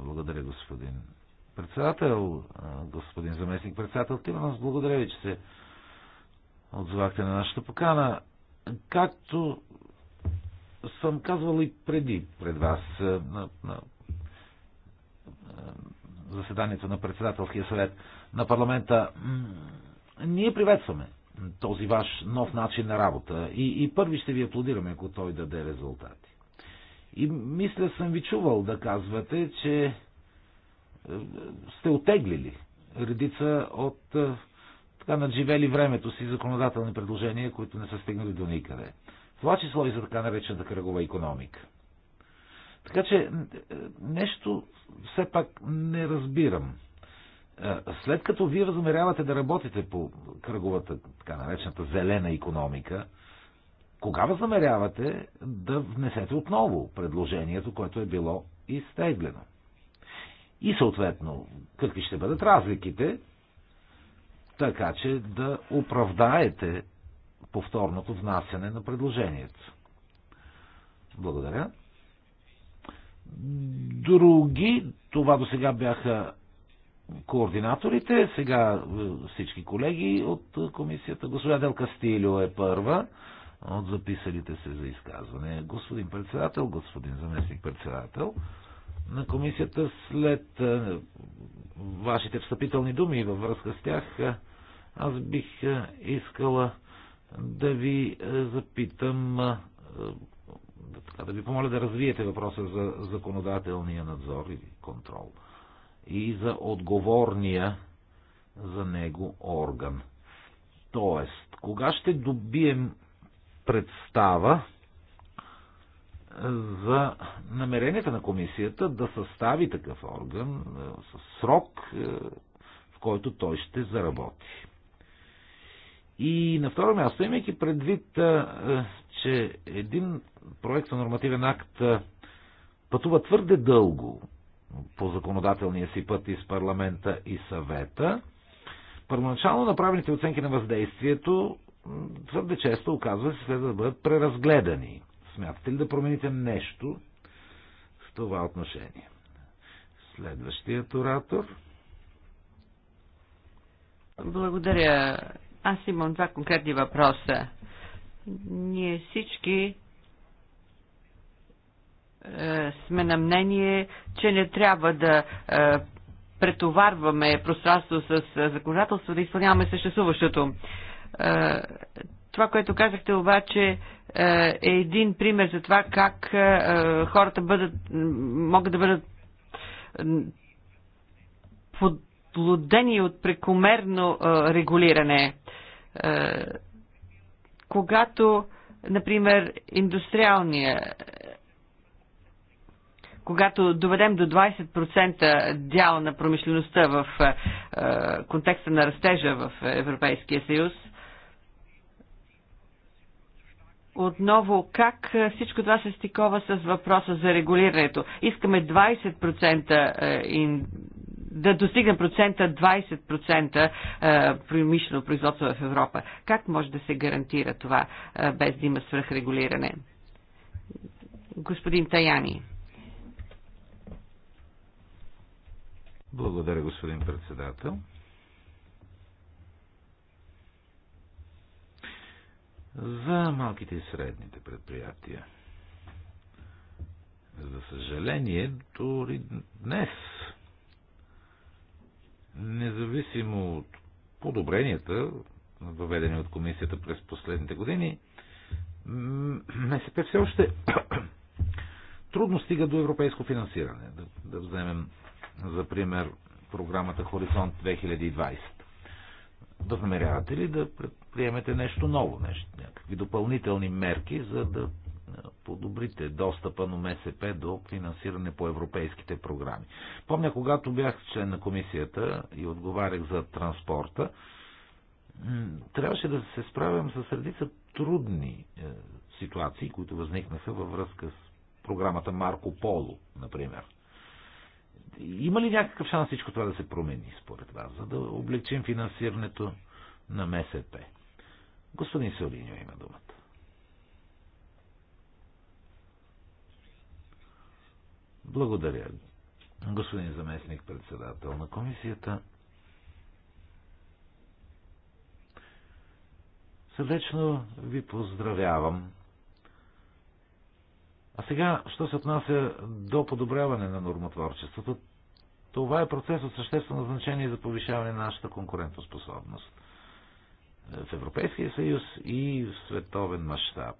Благодаря, господин председател, господин заместник председател Тиманов, благодаря ви, че се отзвахте на нашата покана. Както съм казвал и преди пред вас на, на заседанието на председателския съвет на парламента, ние приветстваме този ваш нов начин на работа и, и първи ще ви аплодираме, ако той даде резултати. И мисля съм ви чувал да казвате, че сте отеглили редица от е, така надживели времето си законодателни предложения, които не са стигнали до никъде. В това число и за така наречената кръгова економика. Така че е, нещо все пак не разбирам. Е, след като вие възнамерявате да работите по кръговата, така наречената зелена економика, кога възнамерявате да внесете отново предложението, което е било изтеглено? и съответно какви ще бъдат разликите, така че да оправдаете повторното внасяне на предложението. Благодаря. Други, това до сега бяха координаторите, сега е, всички колеги от комисията. Госпожа Дел Кастилио е първа от записалите се за изказване. Господин председател, господин заместник председател на комисията след е, вашите встъпителни думи във връзка с тях, е, аз бих е, искала да ви запитам, да ви помоля да развиете въпроса за законодателния надзор или контрол и за отговорния за него орган. Тоест, кога ще добием представа за намеренията на комисията да състави такъв орган е, с срок, е, в който той ще заработи. И на второ място, имайки предвид, е, че един проект на нормативен акт пътува твърде дълго по законодателния си път из парламента и съвета, първоначално направените оценки на въздействието твърде често оказва се следва да бъдат преразгледани – Смятате ли да промените нещо в това отношение? Следващият оратор. Благодаря. Аз имам два конкретни въпроса. Ние всички е, сме на мнение, че не трябва да е, претоварваме пространство с е, законодателство, да изпълняваме съществуващото. Е, това, което казахте обаче е, е един пример за това как е, е, хората бъдат, могат да бъдат подлудени от прекомерно регулиране. Когато, например, индустриалния когато доведем до 20% дял на промишлеността в контекста на растежа в Европейския съюз, отново как е, всичко това се стикова с въпроса за регулирането. Искаме 20% е, да достигне процента 20% е, промишлено производство в Европа. Как може да се гарантира това без да има свръхрегулиране? Господин Таяни. Благодаря, господин председател. за малките и средните предприятия. За съжаление, дори днес, независимо от подобренията, въведени от комисията през последните години, МСП все още трудно стига до европейско финансиране. Да, да вземем за пример програмата Хоризонт 2020. Възнамерявате ли да предприемете нещо ново, нещо, някакви допълнителни мерки, за да е, подобрите достъпа на МСП до финансиране по европейските програми? Помня, когато бях член на комисията и отговарях за транспорта, трябваше да се справям с редица трудни е, ситуации, които възникнаха във връзка с програмата Марко Поло, например. Има ли някакъв шанс всичко това да се промени, според вас, за да облегчим финансирането на МСП? Господин Солиньо има думата. Благодаря, господин заместник председател на комисията. Сърдечно ви поздравявам а сега, що се отнася до подобряване на нормотворчеството, това е процес от съществено значение за повишаване на нашата конкурентоспособност в Европейския съюз и в световен мащаб.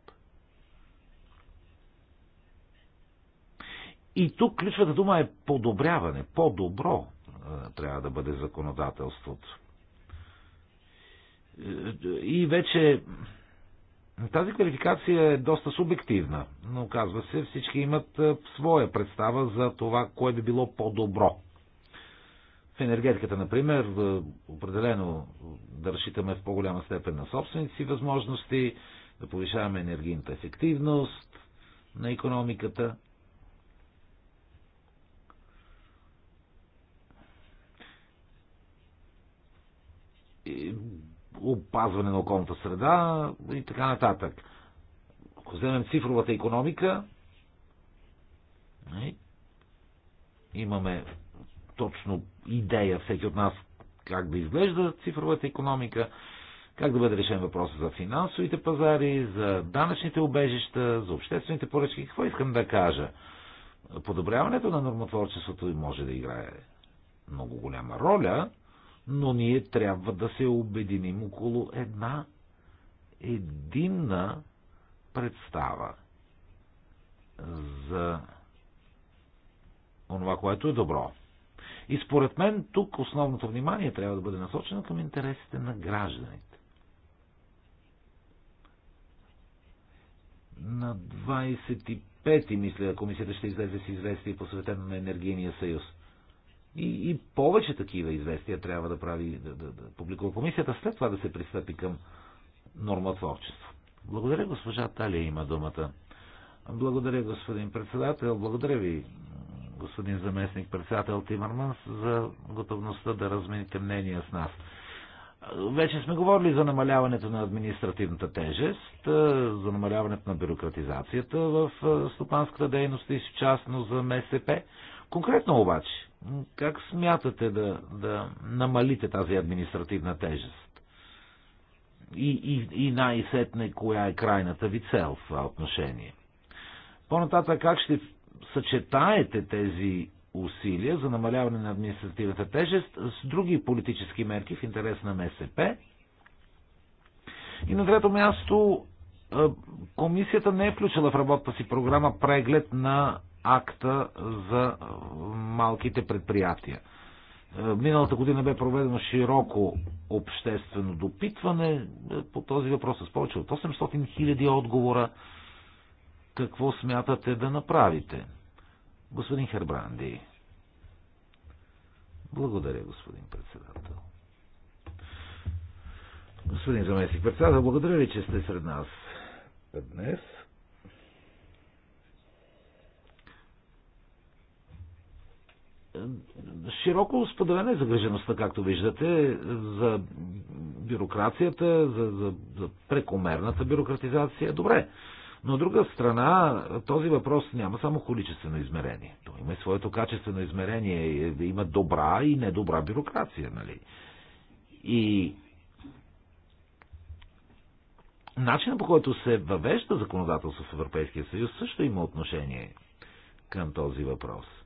И тук ключвата дума е подобряване, по-добро е, трябва да бъде законодателството. Е, и вече тази квалификация е доста субективна, но казва се, всички имат е, своя представа за това, кое би било по-добро. В енергетиката, например, е, определено да разчитаме в по-голяма степен на собствените си възможности, да повишаваме енергийната ефективност на економиката. И опазване на околната среда и така нататък. Ако вземем цифровата економика, нали, имаме точно идея всеки от нас как да изглежда цифровата економика, как да бъде решен въпроса за финансовите пазари, за данъчните обежища, за обществените поръчки. Какво искам да кажа? Подобряването на нормотворчеството може да играе много голяма роля, но ние трябва да се обединим около една единна представа за онова, което е добро. И според мен тук основното внимание трябва да бъде насочено към интересите на гражданите. На 25-ти, мисля, комисията ще излезе с известие посветено на Енергийния съюз. И, и повече такива известия трябва да прави, да, да, да публикува комисията, след това да се пристъпи към нормотворчество. Благодаря, госпожа Талия има думата. Благодаря, господин председател. Благодаря ви, господин заместник председател Тимърманс, за готовността да размените мнения с нас. Вече сме говорили за намаляването на административната тежест, за намаляването на бюрократизацията в стопанската дейност и в частно за МСП. Конкретно обаче, как смятате да, да намалите тази административна тежест? И, и, и най-сетне, коя е крайната ви цел в това отношение? По-нататък, как ще съчетаете тези усилия за намаляване на административната тежест с други политически мерки в интерес на МСП? И на трето място, комисията не е включила в работата си програма преглед на акта за е, малките предприятия. Е, миналата година бе проведено широко обществено допитване е, по този въпрос с повече от 800 хиляди отговора. Какво смятате да направите? Господин Хербранди. Благодаря, господин председател. Господин заместник председател, благодаря ви, че сте сред нас днес. широко споделена е загрижеността, както виждате, за бюрокрацията, за, за, за прекомерната бюрократизация. Добре. Но от друга страна, този въпрос няма само количествено измерение. То има и своето качествено измерение. Е, има добра и недобра бюрокрация, нали? И начинът по който се въвежда законодателство в Европейския съюз също има отношение към този въпрос –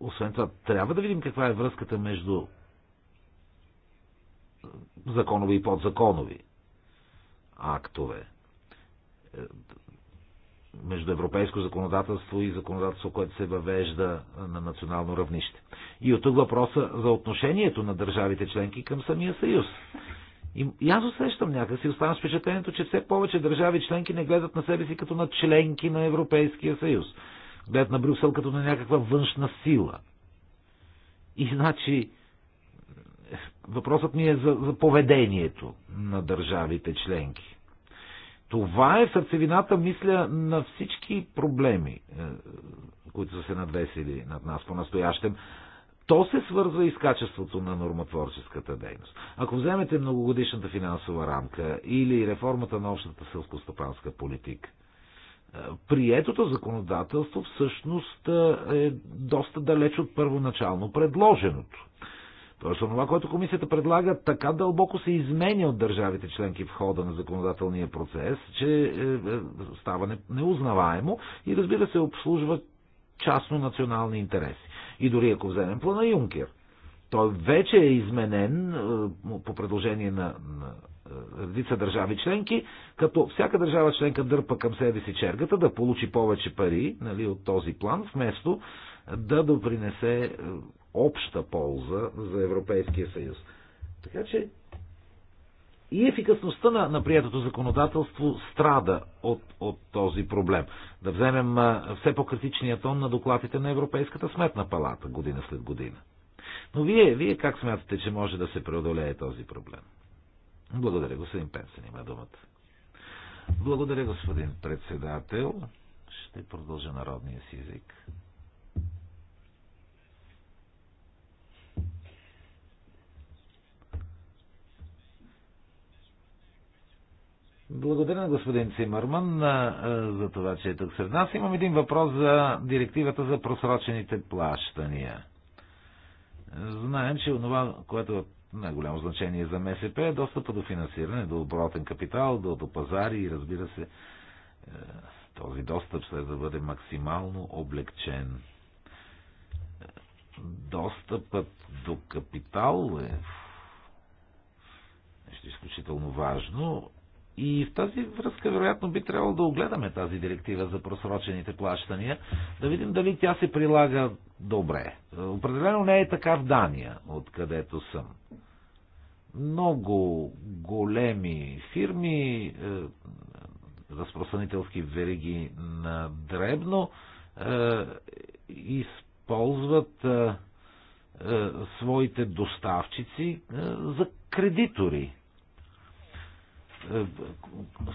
освен това, трябва да видим каква е връзката между законови и подзаконови актове е, между европейско законодателство и законодателство, което се въвежда на национално равнище. И от тук въпроса за отношението на държавите членки към самия съюз. И, и аз усещам някакси, оставам с впечатлението, че все повече държави членки не гледат на себе си като на членки на Европейския съюз гледат на Брюксел като на някаква външна сила. И значи, въпросът ми е за, за поведението на държавите членки. Това е сърцевината, мисля, на всички проблеми, е, които са се надвесили над нас по-настоящем. То се свързва и с качеството на нормотворческата дейност. Ако вземете многогодишната финансова рамка или реформата на общата селскостопанска политика, приетото законодателство всъщност е, е доста далеч от първоначално предложеното. Тоест, това, което комисията предлага, така дълбоко се изменя от държавите членки в хода на законодателния процес, че е, е, става неузнаваемо и разбира се обслужва частно национални интереси. И дори ако вземем плана Юнкер, той вече е изменен по предложение на, на редица държави членки, като всяка държава членка дърпа към себе си чергата да получи повече пари нали, от този план, вместо да допринесе е, обща полза за Европейския съюз. Така че и ефикасността на, на приятото законодателство страда от, от този проблем. Да вземем а, е, все по-критичния тон на докладите на Европейската сметна палата година след година. Но вие, вие как смятате, че може да се преодолее този проблем? Благодаря, господин Пенсен има думата. Благодаря, господин председател. Ще продължа народния си език. Благодаря на господин Цимърман за това, че е тук сред нас. Имам един въпрос за директивата за просрочените плащания. Знаем, че онова, което на голямо значение за МСП е достъпа до финансиране, до оборотен капитал, до, до пазари и разбира се, е, този достъп следва да бъде максимално облегчен. Достъпът до капитал е нещо изключително важно и в тази връзка, вероятно, би трябвало да огледаме тази директива за просрочените плащания, да видим дали тя се прилага добре. Определено не е така в Дания, откъдето съм. Много големи фирми, е, разпространителски вериги на дребно, е, използват е, своите доставчици за кредитори.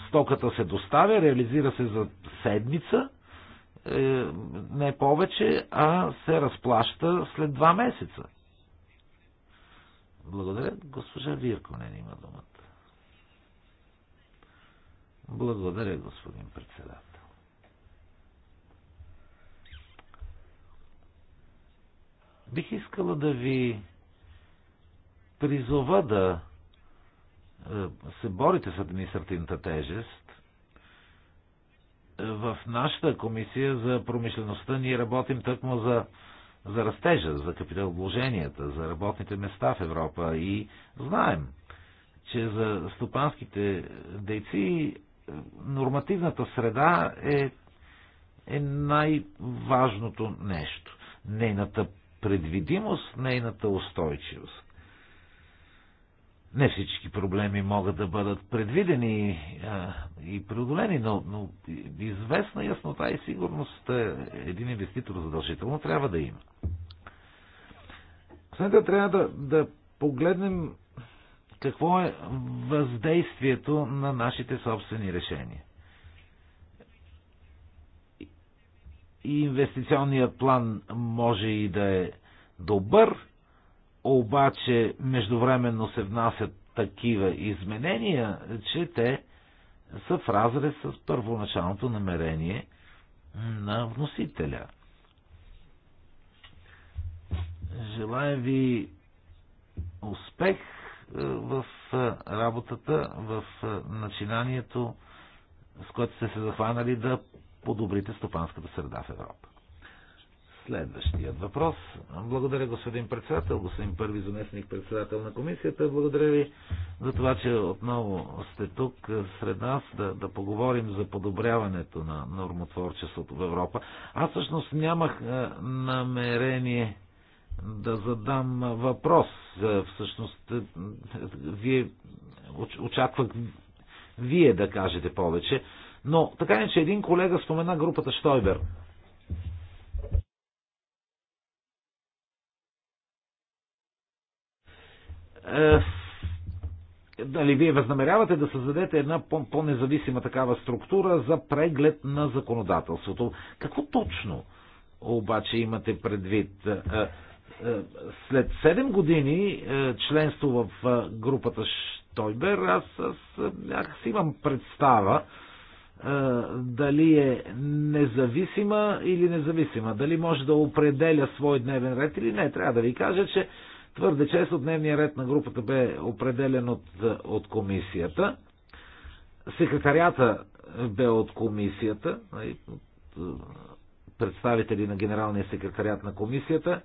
Стоката се доставя, реализира се за седмица е, не повече, а се разплаща след два месеца. Благодаря. Госпожа Вирконен има думата. Благодаря, господин председател. Бих искала да ви призова да е, се борите с административната тежест, в нашата комисия за промишлеността ние работим тъкмо за, за растежа, за капиталовложенията, за работните места в Европа и знаем, че за стопанските дейци е, нормативната среда е, е най-важното нещо. Нейната предвидимост, нейната устойчивост. Не всички проблеми могат да бъдат предвидени и преодолени, но, но известна яснота и сигурност е, един инвеститор задължително трябва да има. това, трябва да, да погледнем какво е въздействието на нашите собствени решения. И инвестиционният план може и да е добър, обаче междувременно се внасят такива изменения, че те са в разрез с първоначалното намерение на вносителя. Желая ви успех е, в е, работата, в е, начинанието, с което сте се захванали да подобрите стопанската среда в Европа. Следващият въпрос. Благодаря, господин председател, господин първи заместник председател на комисията. Благодаря ви за това, че отново сте тук сред нас да, да поговорим за подобряването на нормотворчеството в Европа. Аз всъщност нямах е, намерение да задам въпрос. Е, всъщност, е, вие очаквах вие да кажете повече. Но така е, че един колега спомена групата Штойбер – Е, дали вие възнамерявате да създадете една по-независима такава структура за преглед на законодателството? Какво точно обаче имате предвид? Е, е, след 7 години членство в групата Штойбер, аз, аз, аз имам представа, дали е независима или независима, дали може да определя свой дневен ред или не. Трябва да ви кажа, че Твърде често дневния ред на групата бе определен от, от комисията. Секретарята бе от комисията, нали, е, представители на генералния секретарят на комисията.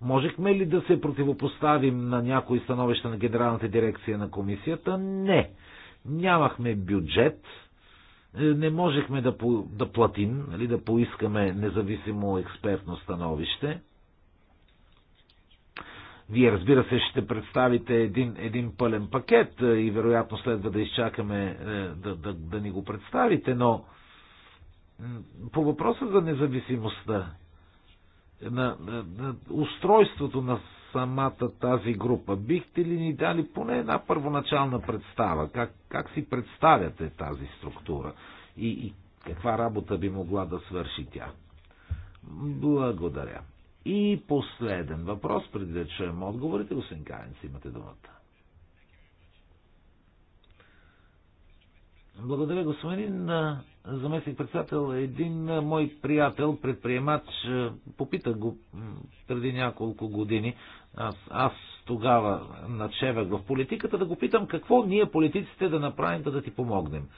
Можехме ли да се противопоставим на някои становища на генералната дирекция на комисията? Не. Нямахме бюджет, е, не можехме да, по, да платим, или нали, да поискаме независимо експертно становище. Вие, разбира се, ще представите един, един пълен пакет и вероятно следва да изчакаме е, да, да, да ни го представите, но по въпроса за независимостта, на, на, на устройството на самата тази група, бихте ли ни дали поне една първоначална представа? Как, как си представяте тази структура и, и каква работа би могла да свърши тя? Благодаря. И последен въпрос, преди да чуем отговорите, господин Каенц, имате думата. Благодаря, господин заместник председател. Един мой приятел, предприемач, попитах го преди няколко години. Аз, аз тогава начевах в политиката да го питам какво ние политиците да направим, да, да ти помогнем.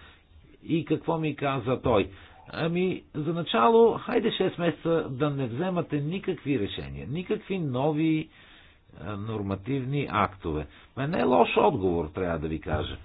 И какво ми каза той? Ами, за начало, хайде 6 месеца да не вземате никакви решения, никакви нови е, нормативни актове. Ме не е лош отговор, трябва да ви кажа.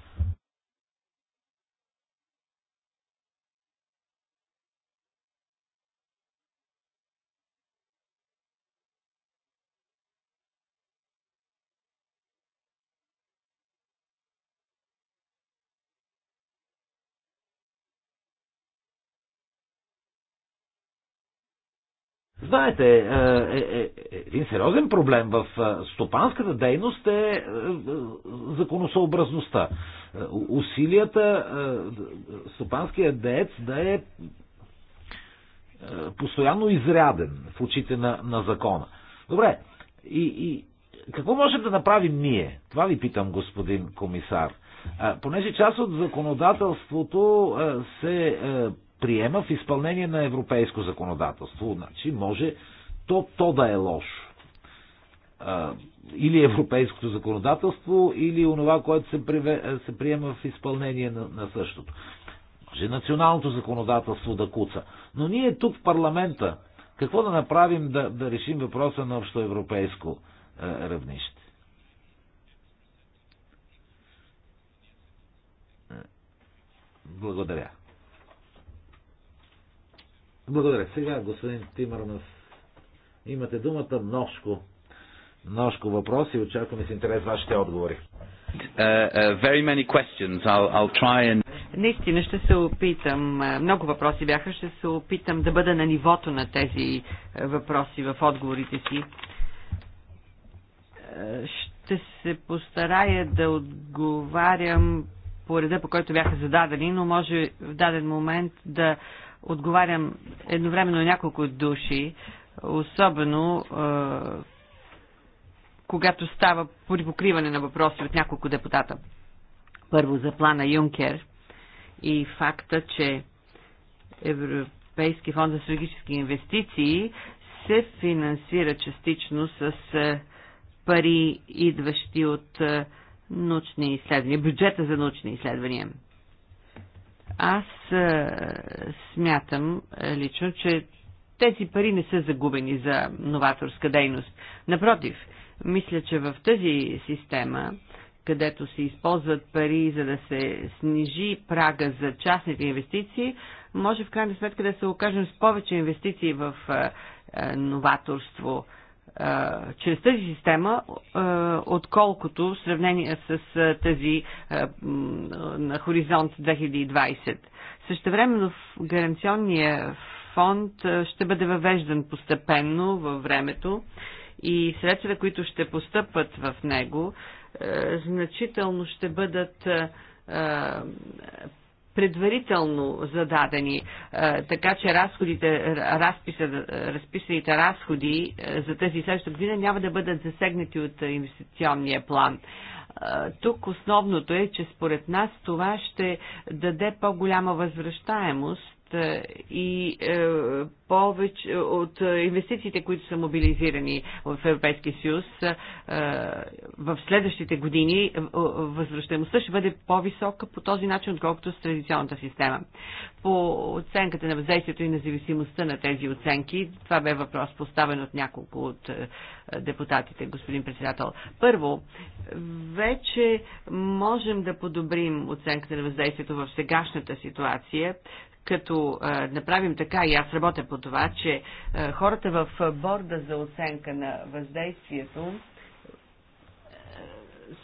Знаете, е, е, е, един сериозен проблем в стопанската дейност е законосъобразността. Усилията стопанският деец да е постоянно изряден в очите на, на закона. Добре, и, и какво можем да направим ние? Това ви питам, господин комисар. Понеже част от законодателството се приема в изпълнение на европейско законодателство. Значи може то, то да е лошо. Или европейското законодателство, или онова, което се, приве, се приема в изпълнение на, на същото. Може националното законодателство да куца. Но ние тук в парламента, какво да направим да, да решим въпроса на общоевропейско е, равнище? Благодаря. Благодаря. Сега, господин Тимърнас, имате думата множко. Множко въпроси. Очакваме с интерес вашите отговори. Uh, uh, Наистина ще се опитам. Uh, много въпроси бяха. Ще се опитам да бъда на нивото на тези въпроси в отговорите си. Ще се постарая да отговарям по реда, по който бяха зададени, но може в даден момент да отговарям едновременно няколко души, особено е, когато става припокриване на въпроси от няколко депутата. Първо за плана Юнкер и факта, че Европейски фонд за стратегически инвестиции се финансира частично с пари, идващи от научни изследвания, бюджета за научни изследвания – аз смятам лично, че тези пари не са загубени за новаторска дейност. Напротив, мисля, че в тази система, където се използват пари, за да се снижи прага за частните инвестиции, може в крайна сметка да се окажем с повече инвестиции в новаторство чрез тази система, отколкото в сравнение с тази на Хоризонт 2020. Същевременно в гаранционния фонд ще бъде въвеждан постепенно във времето и средства, които ще постъпват в него, значително ще бъдат предварително зададени, е, така че разходите, разписа, разписаните разходи е, за тази следваща година няма да бъдат засегнати от инвестиционния план. Е, тук основното е, че според нас това ще даде по-голяма възвръщаемост е, и е, повече от инвестициите, които са мобилизирани в Европейския съюз е, в следващите години, възвръщаемостта ще бъде по-висока по този начин, отколкото с традиционната система. По оценката на въздействието и независимостта на тези оценки, това бе въпрос поставен от няколко от депутатите, господин председател. Първо, вече можем да подобрим оценката на въздействието в сегашната ситуация, като а, направим така, и аз работя по това, че а, хората в борда за оценка на въздействието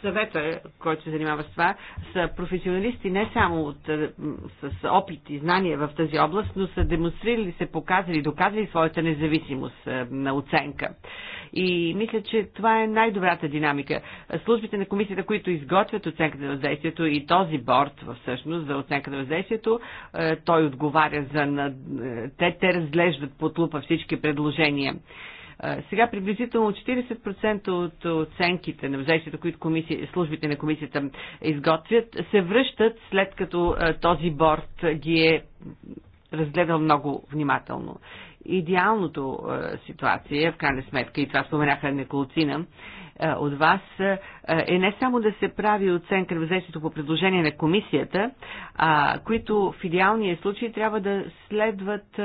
съвета, който се занимава с това, са професионалисти не само от, е, с опит и знания в тази област, но са демонстрирали, се показали, доказали своята независимост е, на оценка. И мисля, че това е най-добрата динамика. Службите на комисията, които изготвят оценката на въздействието и този борт всъщност за оценка на въздействието, е, той отговаря за... Те, те разглеждат под лупа всички предложения. Сега приблизително 40% от оценките на взещите, които комисия, службите на комисията изготвят, се връщат след като този борт ги е разгледал много внимателно. Идеалното ситуация, в крайна сметка, и това споменаха неколцина, от вас е не само да се прави оценка на въздействието по предложение на комисията, а, които в идеалния случай трябва да следват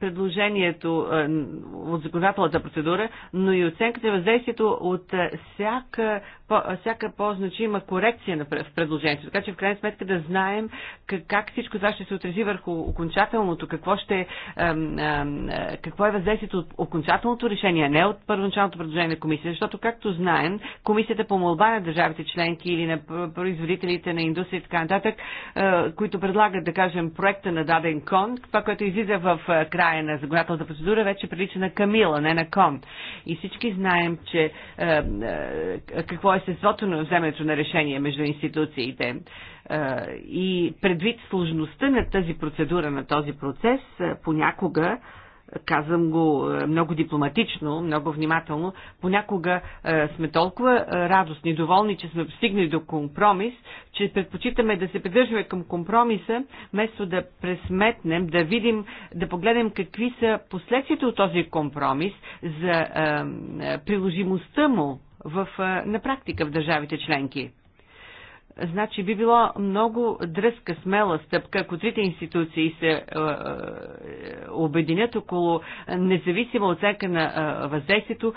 предложението е, от законодателната процедура, но и оценката и въздействието от е, всяка по, всяка по-значима корекция на, в предложението. Така че в крайна сметка да знаем как, как всичко това ще се отрази върху окончателното, какво, ще, ам, ам, какво е въздействието от окончателното решение, не от първоначалното предложение на комисията, защото както знаем, комисията по молба на държавите членки или на производителите на индустрия и така нататък, а, които предлагат, да кажем, проекта на даден кон, това, което излиза в края на законодателната процедура, вече прилича на Камила, не на кон. И всички знаем, че а, а, какво е естеството на вземането на решение между институциите. Е, и предвид сложността на тази процедура, на този процес, е, понякога казвам го е, много дипломатично, много внимателно, понякога е, сме толкова е, радостни, доволни, че сме стигнали до компромис, че предпочитаме да се придържаме към компромиса, вместо да пресметнем, да видим, да погледнем какви са последствията от този компромис за приложимостта му в, на практика в държавите членки. Значи би било много дръзка, смела стъпка, ако трите институции се обединят около независима оценка на въздействието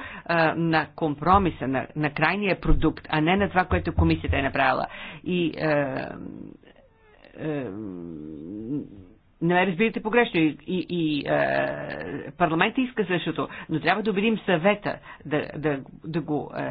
на компромиса, на, на крайния продукт, а не на това, което комисията е направила. И не ме разбирате погрешно. И, и, и е, парламента иска същото, но трябва да убедим съвета да, да, да го е,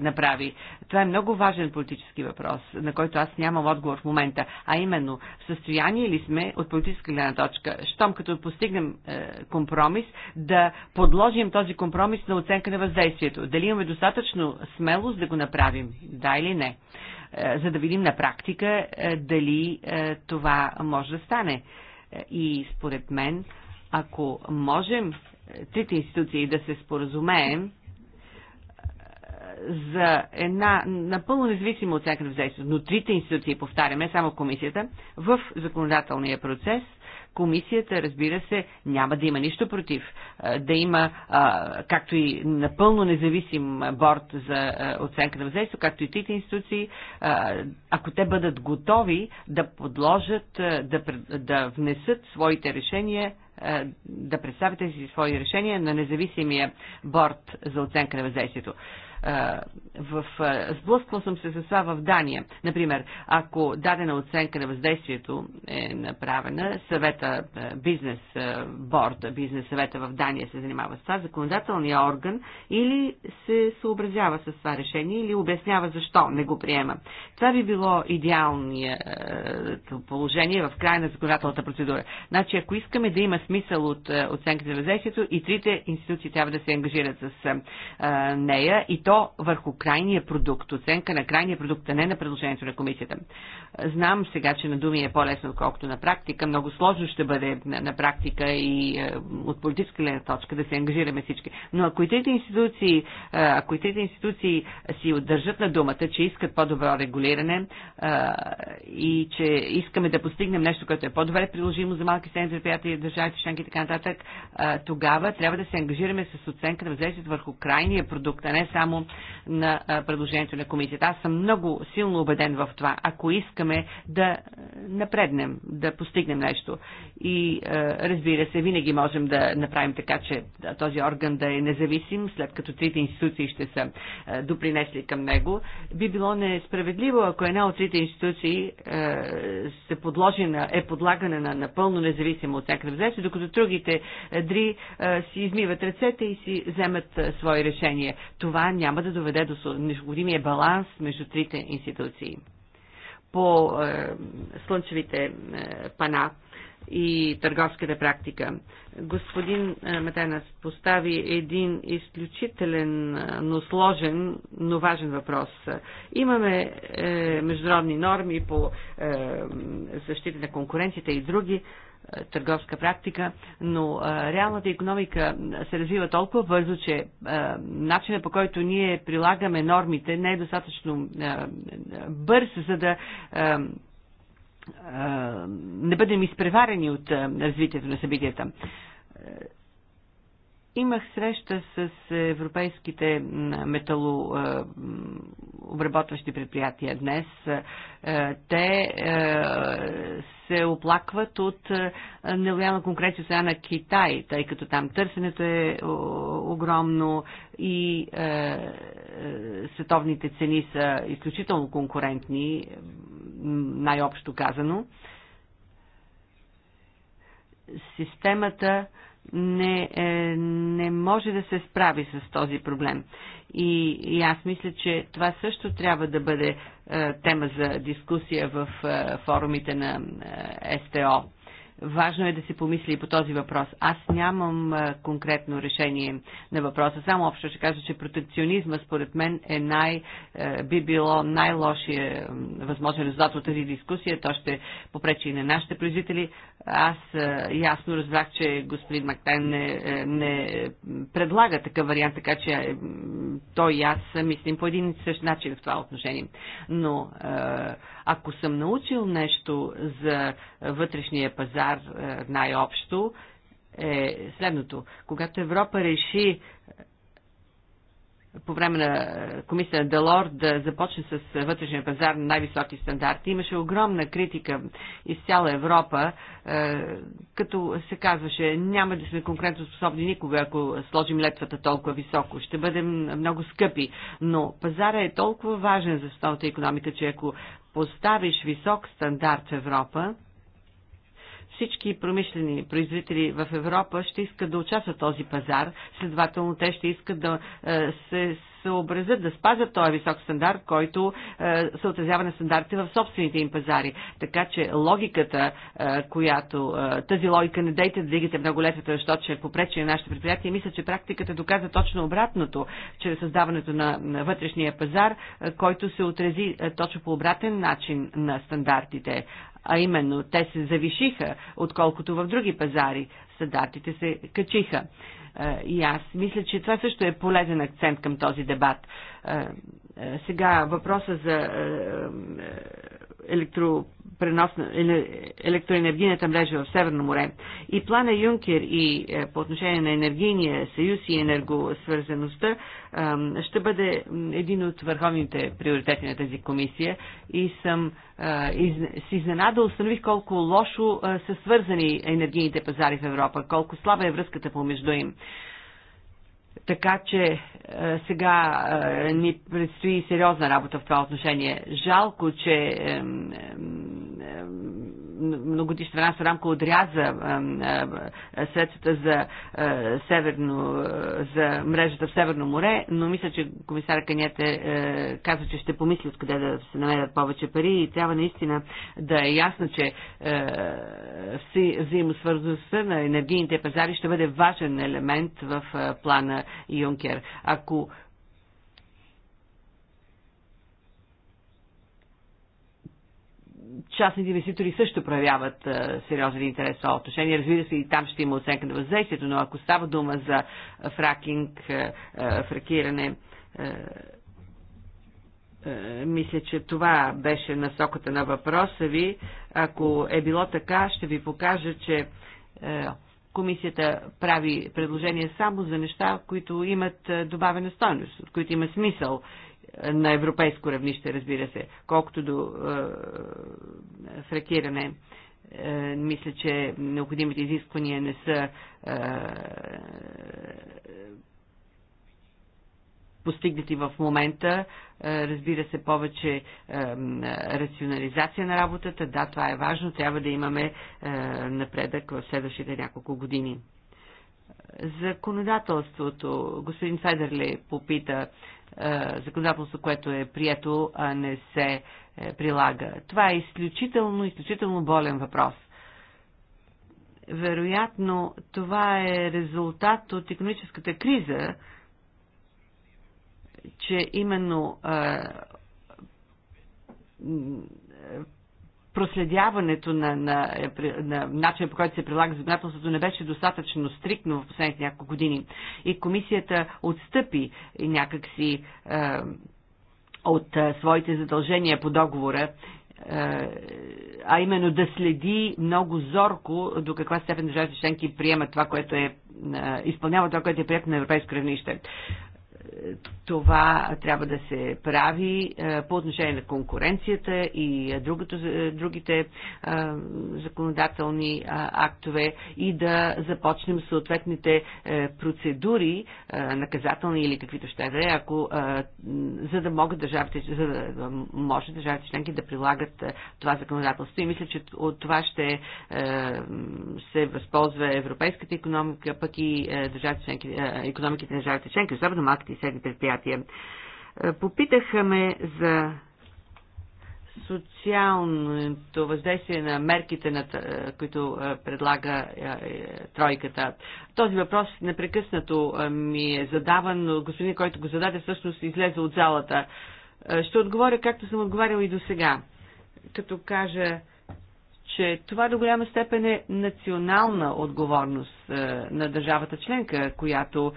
направи. Това е много важен политически въпрос, на който аз нямам отговор в момента. А именно, в състояние ли сме от политическа гледна точка, щом като постигнем е, компромис, да подложим този компромис на оценка на въздействието. Дали имаме достатъчно смелост да го направим, да или не е, за да видим на практика е, дали е, това може да стане. И според мен, ако можем трите институции да се споразумеем за една напълно независима от всяка въздействието, но трите институции, повтаряме, само комисията, в законодателния процес – Комисията, разбира се, няма да има нищо против да има, както и напълно независим борт за оценка на въздействие, както и трите институции, ако те бъдат готови да подложат, да, да внесат своите решения да представите си свои решения на независимия борт за оценка на въздействието в, сблъсквал съм се с това в Дания. Например, ако дадена оценка на въздействието е направена, съвета, бизнес борда, бизнес съвета в Дания се занимава с това, законодателният орган или се съобразява с това решение, или обяснява защо не го приема. Това би било идеалният положение в края на законодателната процедура. Значи, ако искаме да има смисъл от оценката на въздействието, и трите институции трябва да се ангажират с нея, и то то върху крайния продукт, оценка на крайния продукт, а не на предложението на комисията. Знам сега, че на думи е по-лесно, отколкото на практика. Много сложно ще бъде на, на практика и е, от политическа гледна точка да се ангажираме всички. Но ако и тези институции, е, ако и тези институции си отдържат на думата, че искат по-добро регулиране е, и че искаме да постигнем нещо, което е по-добре приложимо за малки за предприятия, държавите, членки и така нататък, е, тогава трябва да се ангажираме с оценка на въздействието върху крайния продукт, а не само на предложението на комисията. Аз съм много силно убеден в това, ако искаме да напреднем, да постигнем нещо. И разбира се, винаги можем да направим така, че този орган да е независим, след като трите институции ще са допринесли към него. Би било несправедливо, ако една от трите институции се подложи на, е подлагана на напълно независимо от всякакъв взето, докато другите дри си измиват ръцете и си вземат свои решения. Това няма няма да доведе до необходимия баланс между трите институции. По е, слънчевите е, пана и търговската практика. Господин е, Метенас постави един изключителен, но сложен, но важен въпрос. Имаме е, международни норми по е, защита на конкуренцията и други. Е, търговска практика, но е, реалната економика се развива толкова бързо, че е, начинът по който ние прилагаме нормите не е достатъчно бърз, за да не бъдем изпреварени от развитието на събитията. Имах среща с европейските металообработващи е, предприятия днес. Е, те е, се оплакват от нелоялна конкуренция сега на Китай, тъй като там търсенето е огромно и световните цени са изключително конкурентни, най-общо казано. Системата не, е, не може да се справи с този проблем. И, и аз мисля, че това също трябва да бъде е, тема за дискусия в е, форумите на е, СТО. Важно е да се помисли и по този въпрос. Аз нямам е, конкретно решение на въпроса. Само общо ще кажа, че протекционизма според мен е най, е, би било най-лошия възможен резултат от тази дискусия. То ще попречи и на нашите производители, аз е, ясно разбрах, че господин Мактайн не, е, не предлага такъв вариант, така че е, той и аз мислим по един и същ начин в това отношение. Но ако съм научил нещо за вътрешния пазар най-общо, е следното. Когато Европа реши по време на е, комисията на Делор да започне с е, вътрешния пазар на най-високи стандарти. Имаше огромна критика из цяла Европа, е, като се казваше, няма да сме конкретно способни никога, ако сложим летвата толкова високо. Ще бъдем много скъпи. Но пазара е толкова важен за основната економика, че ако поставиш висок стандарт в Европа, всички промишлени производители в Европа ще искат да участват в този пазар, следователно те ще искат да е, се съобразят да спазят този висок стандарт, който е, се отразява на стандартите в собствените им пазари. Така че логиката, е, която е, тази логика не дейте да дигате много летата, защото ще попречи на нашите предприятия. Мисля, че практиката доказа точно обратното, чрез създаването на, на вътрешния пазар, е, който се отрази е, точно по обратен начин на стандартите а именно те се завишиха, отколкото в други пазари. Стандартите се качиха. Е, и аз мисля, че това също е полезен акцент към този дебат. Е, е, сега въпроса за електроенергийната мрежа в Северно море. И плана Юнкер и е, по отношение на енергийния съюз и енергосвързаността ще бъде един от върховните приоритети на тази комисия и съм с изненада установих колко лошо са свързани енергийните пазари в Европа, колко слаба е връзката помежду им. Така че е, сега е, ни предстои сериозна работа в това отношение. Жалко, че е, многодишна финансова рамка отряза средствата за, северно, за мрежата в Северно море, но мисля, че комисарът Каняте каза, че ще помисли откъде да се намерят повече пари и трябва наистина да е ясно, че взаимосвързаността на енергийните пазари ще бъде важен елемент в плана Юнкер. Ако частните инвеститори също проявяват а, сериозен интерес в отношение. Разбира се, и там ще има оценка на въздействието, но ако става дума за фракинг, а, е, фракиране, а, мисля, че това беше насоката на въпроса ви. Ако е било така, ще ви покажа, че комисията прави предложения само за неща, които имат добавена стойност, от които има смисъл на европейско равнище, разбира се, колкото до е, фракиране. Е, мисля, че необходимите изисквания не са е, постигнати в момента. Е, разбира се, повече е, рационализация на работата. Да, това е важно. Трябва да имаме е, напредък в следващите няколко години. Законодателството, господин Федерли попита, е, законодателство, което е прието, а не се е, прилага. Това е изключително, изключително болен въпрос. Вероятно, това е резултат от економическата криза, че именно е, проследяването на, на, е, на начин по който се прилага законодателството не беше достатъчно стриктно в последните няколко години. И комисията отстъпи някакси е, от е, своите задължения по договора е, а именно да следи много зорко до каква степен държавите членки приемат това, което е, е изпълнява това, което е прието на европейско равнище това трябва да се прави е, по отношение на конкуренцията и е, другото, е, другите законодателни актове и да започнем съответните процедури, наказателни или каквито ще да е, ако, за да могат държавите, за да може държавите членки да прилагат това законодателство. И мисля, че от това ще се възползва европейската економика, пък и държавите членки, економиките на държавите членки, особено малките и средни предприятия. Е, попитаха ме за социалното въздействие на мерките, на, е, които е, предлага тройката. Този въпрос непрекъснато ми е задаван, но господин, който го зададе, всъщност излезе от залата. Ще отговоря както съм отговарял и до сега. Като кажа, че това до голяма степен е национална отговорност на държавата членка, която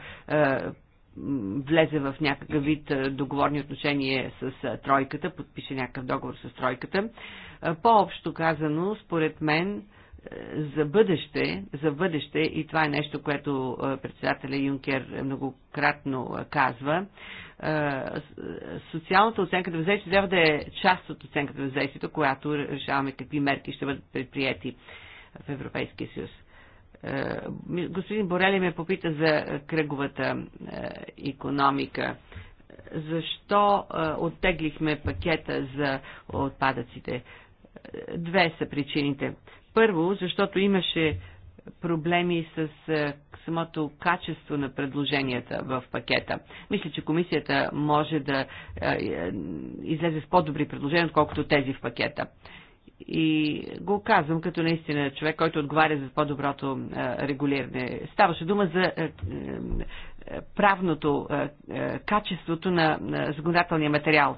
влезе в някакъв вид договорни отношения с тройката, подпише някакъв договор с тройката. По-общо казано, според мен, за бъдеще, за бъдеще, и това е нещо, което председателя Юнкер многократно казва, социалната оценка на въздействието трябва да е част от оценката на въздействието, която решаваме какви мерки ще бъдат предприяти в Европейския съюз. Е, господин Борели ме попита за кръговата економика. Защо е, оттеглихме пакета за отпадъците? Две са причините. Първо, защото имаше проблеми с е, самото качество на предложенията в пакета. Мисля, че комисията може да излезе с по-добри предложения, отколкото тези в пакета. И го казвам като наистина човек, който отговаря за по-доброто е, регулиране. Ставаше дума за е, е, правното, качеството на законодателния материал.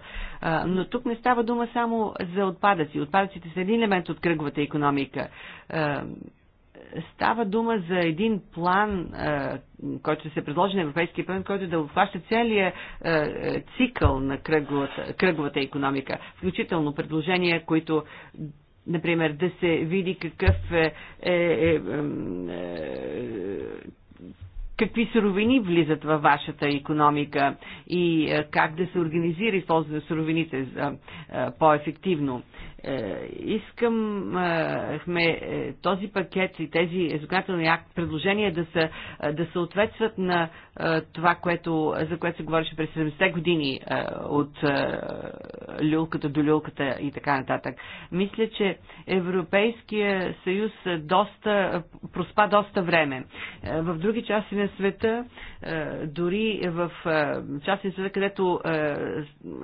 Но тук не става дума само за отпадъци. Отпадъците са един елемент от кръговата економика става дума за един план, е, който се предложи на Европейския план, който да обхваща целия е, цикъл на кръговата, кръговата економика, включително предложения, които например, да се види какъв е, е, е, е, е какви суровини влизат във вашата економика и как да се организира използване на суровините по-ефективно. Е, искахме е, този пакет и тези законодателни акт, предложения да, са, е, да съответстват на това, което, за което се говореше през 70-те години от люлката до люлката и така нататък. Мисля, че Европейския съюз доста, проспа доста време. В други части на света, дори в части на света, където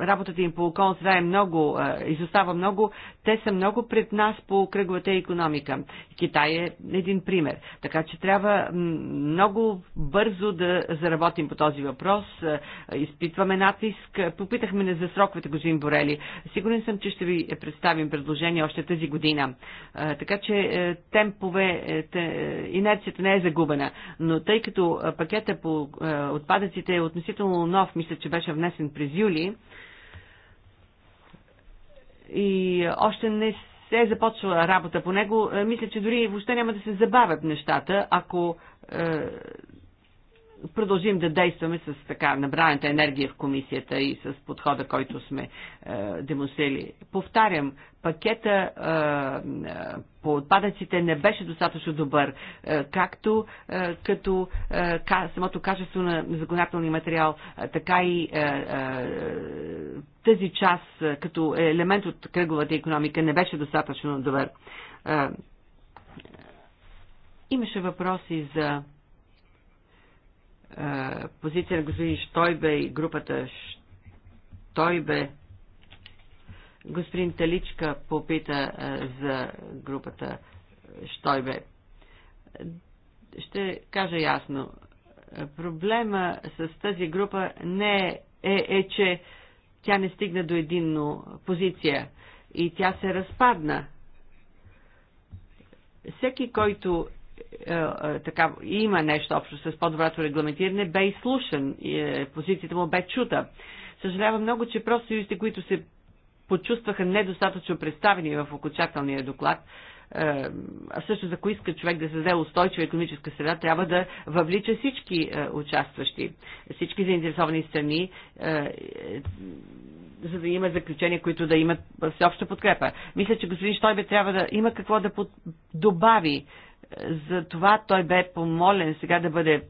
работата им по околната среда е много, изостава много, те са много пред нас по кръглата економика. Китай е един пример. Така че трябва много бързо да заработим по този въпрос. Е, изпитваме натиск. Попитахме не за сроковете, господин Борели. Сигурен съм, че ще ви представим предложение още тази година. Е, така че е, темпове, инерцията не е загубена. Но тъй като пакета по отпадъците е относително нов, мисля, че беше внесен през юли, и още не се е започвала работа по него. Е, мисля, че дори въобще няма да се забавят нещата, ако е, продължим да действаме с така набраната енергия в комисията и с подхода, който сме е, демонстрирали. Повтарям, пакета е, е, по отпадъците не беше достатъчно добър, е, както е, като е, ка, самото качество на законодателния материал, е, така и е, е, тази част е, като елемент от кръговата економика не беше достатъчно добър. Е, имаше въпроси за позиция на господин Штойбе и групата Штойбе. Господин Таличка попита за групата Штойбе. Ще кажа ясно. Проблема с тази група не е, е, е че тя не стигна до единно позиция и тя се разпадна. Всеки, който е, е, така, има нещо общо с по-доброто регламентиране, бе изслушан, е, позицията му бе чута. Съжалявам много, че просто съюзите, които се почувстваха недостатъчно представени в окончателния доклад, а също кои иска човек да създаде устойчива економическа среда, трябва да въвлича всички участващи, всички заинтересовани страни, за да има заключения, които да имат всеобща подкрепа. Мисля, че господин Штойбе трябва да има какво да добави затова той бе помолен сега да бъде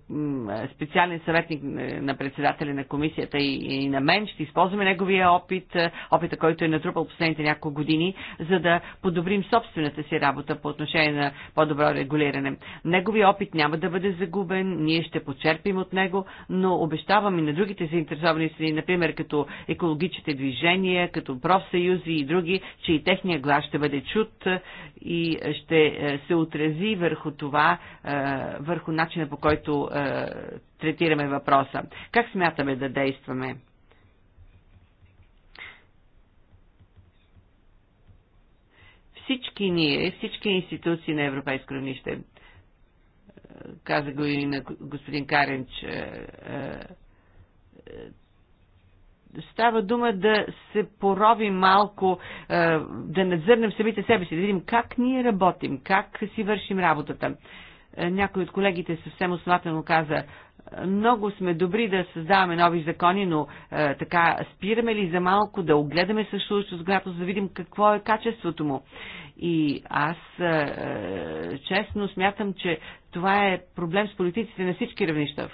специален съветник на председателя на комисията и, на мен. Ще използваме неговия опит, е, опита, който е натрупал последните няколко години, за да подобрим собствената си работа по отношение на по-добро регулиране. Неговия опит няма да бъде загубен, ние ще почерпим от него, но обещавам и на другите заинтересовани страни, например като екологичните движения, като профсъюзи и други, че и техния глас ще бъде чут е, и ще е, се отрази върху това, е, върху начина по който е, третираме въпроса. Как смятаме да действаме? Всички ние, всички институции на европейско равнище, е, каза го и на господин Каренч, става дума да се поровим малко, е, да надзърнем самите себе си, да видим как ние работим, как си вършим работата. Е, някой от колегите съвсем основателно каза, много сме добри да създаваме нови закони, но е, така спираме ли за малко да огледаме същото, за да видим какво е качеството му. И аз е, е, честно смятам, че това е проблем с политиците на всички равнища.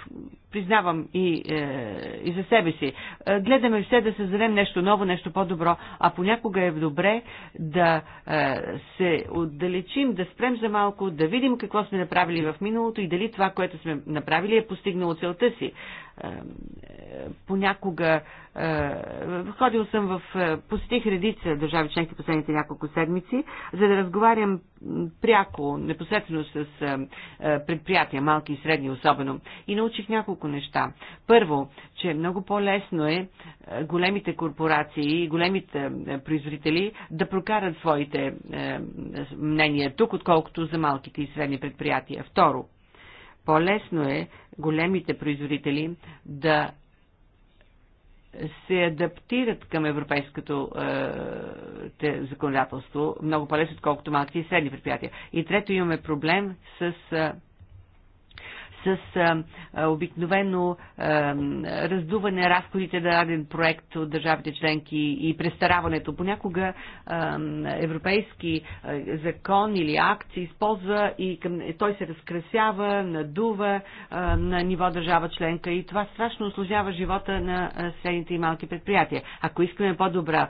Признавам и, е, и за себе си. Гледаме все да създадем нещо ново, нещо по-добро, а понякога е добре да се отдалечим, да спрем за малко, да видим какво сме направили в миналото и дали това, което сме направили е постигнало целта си. Е, понякога е, ходил съм в, е, посетих редица държави членки последните няколко седмици, за да разговарям пряко, непосредствено с предприятия, малки и средни особено. И научих няколко неща. Първо, че много по-лесно е големите корпорации и големите производители да прокарат своите мнения тук, отколкото за малките и средни предприятия. Второ, по-лесно е големите производители да се адаптират към европейското е, законодателство много по-лесно, отколкото малките и средни предприятия. И трето имаме проблем с е, с обикновено раздуване разходите на даден проект от държавите членки и престараването. Понякога европейски закон или акт се използва и към, той се разкрасява, надува на ниво държава членка и това страшно осложнява живота на средните и малки предприятия. Ако искаме по-добра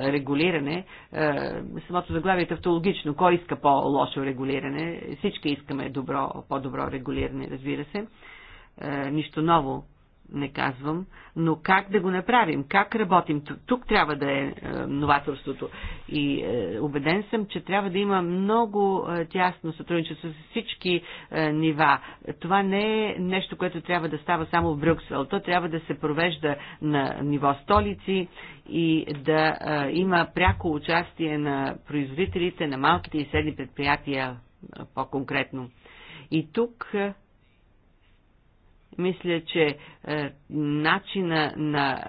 регулиране, самото заглавие е тавтологично. Кой иска по-лошо регулиране? Всички искаме добро, по-добро регулиране, разбира разбира се. Е, нищо ново не казвам, но как да го направим, как работим, тук трябва да е, е новаторството. И е, убеден съм, че трябва да има много е, тясно сътрудничество с всички е, нива. Това не е нещо, което трябва да става само в Брюксел. То трябва да се провежда на ниво столици и да е, има пряко участие на производителите, на малките и средни предприятия е, по-конкретно. И тук е, мисля, че е, начина на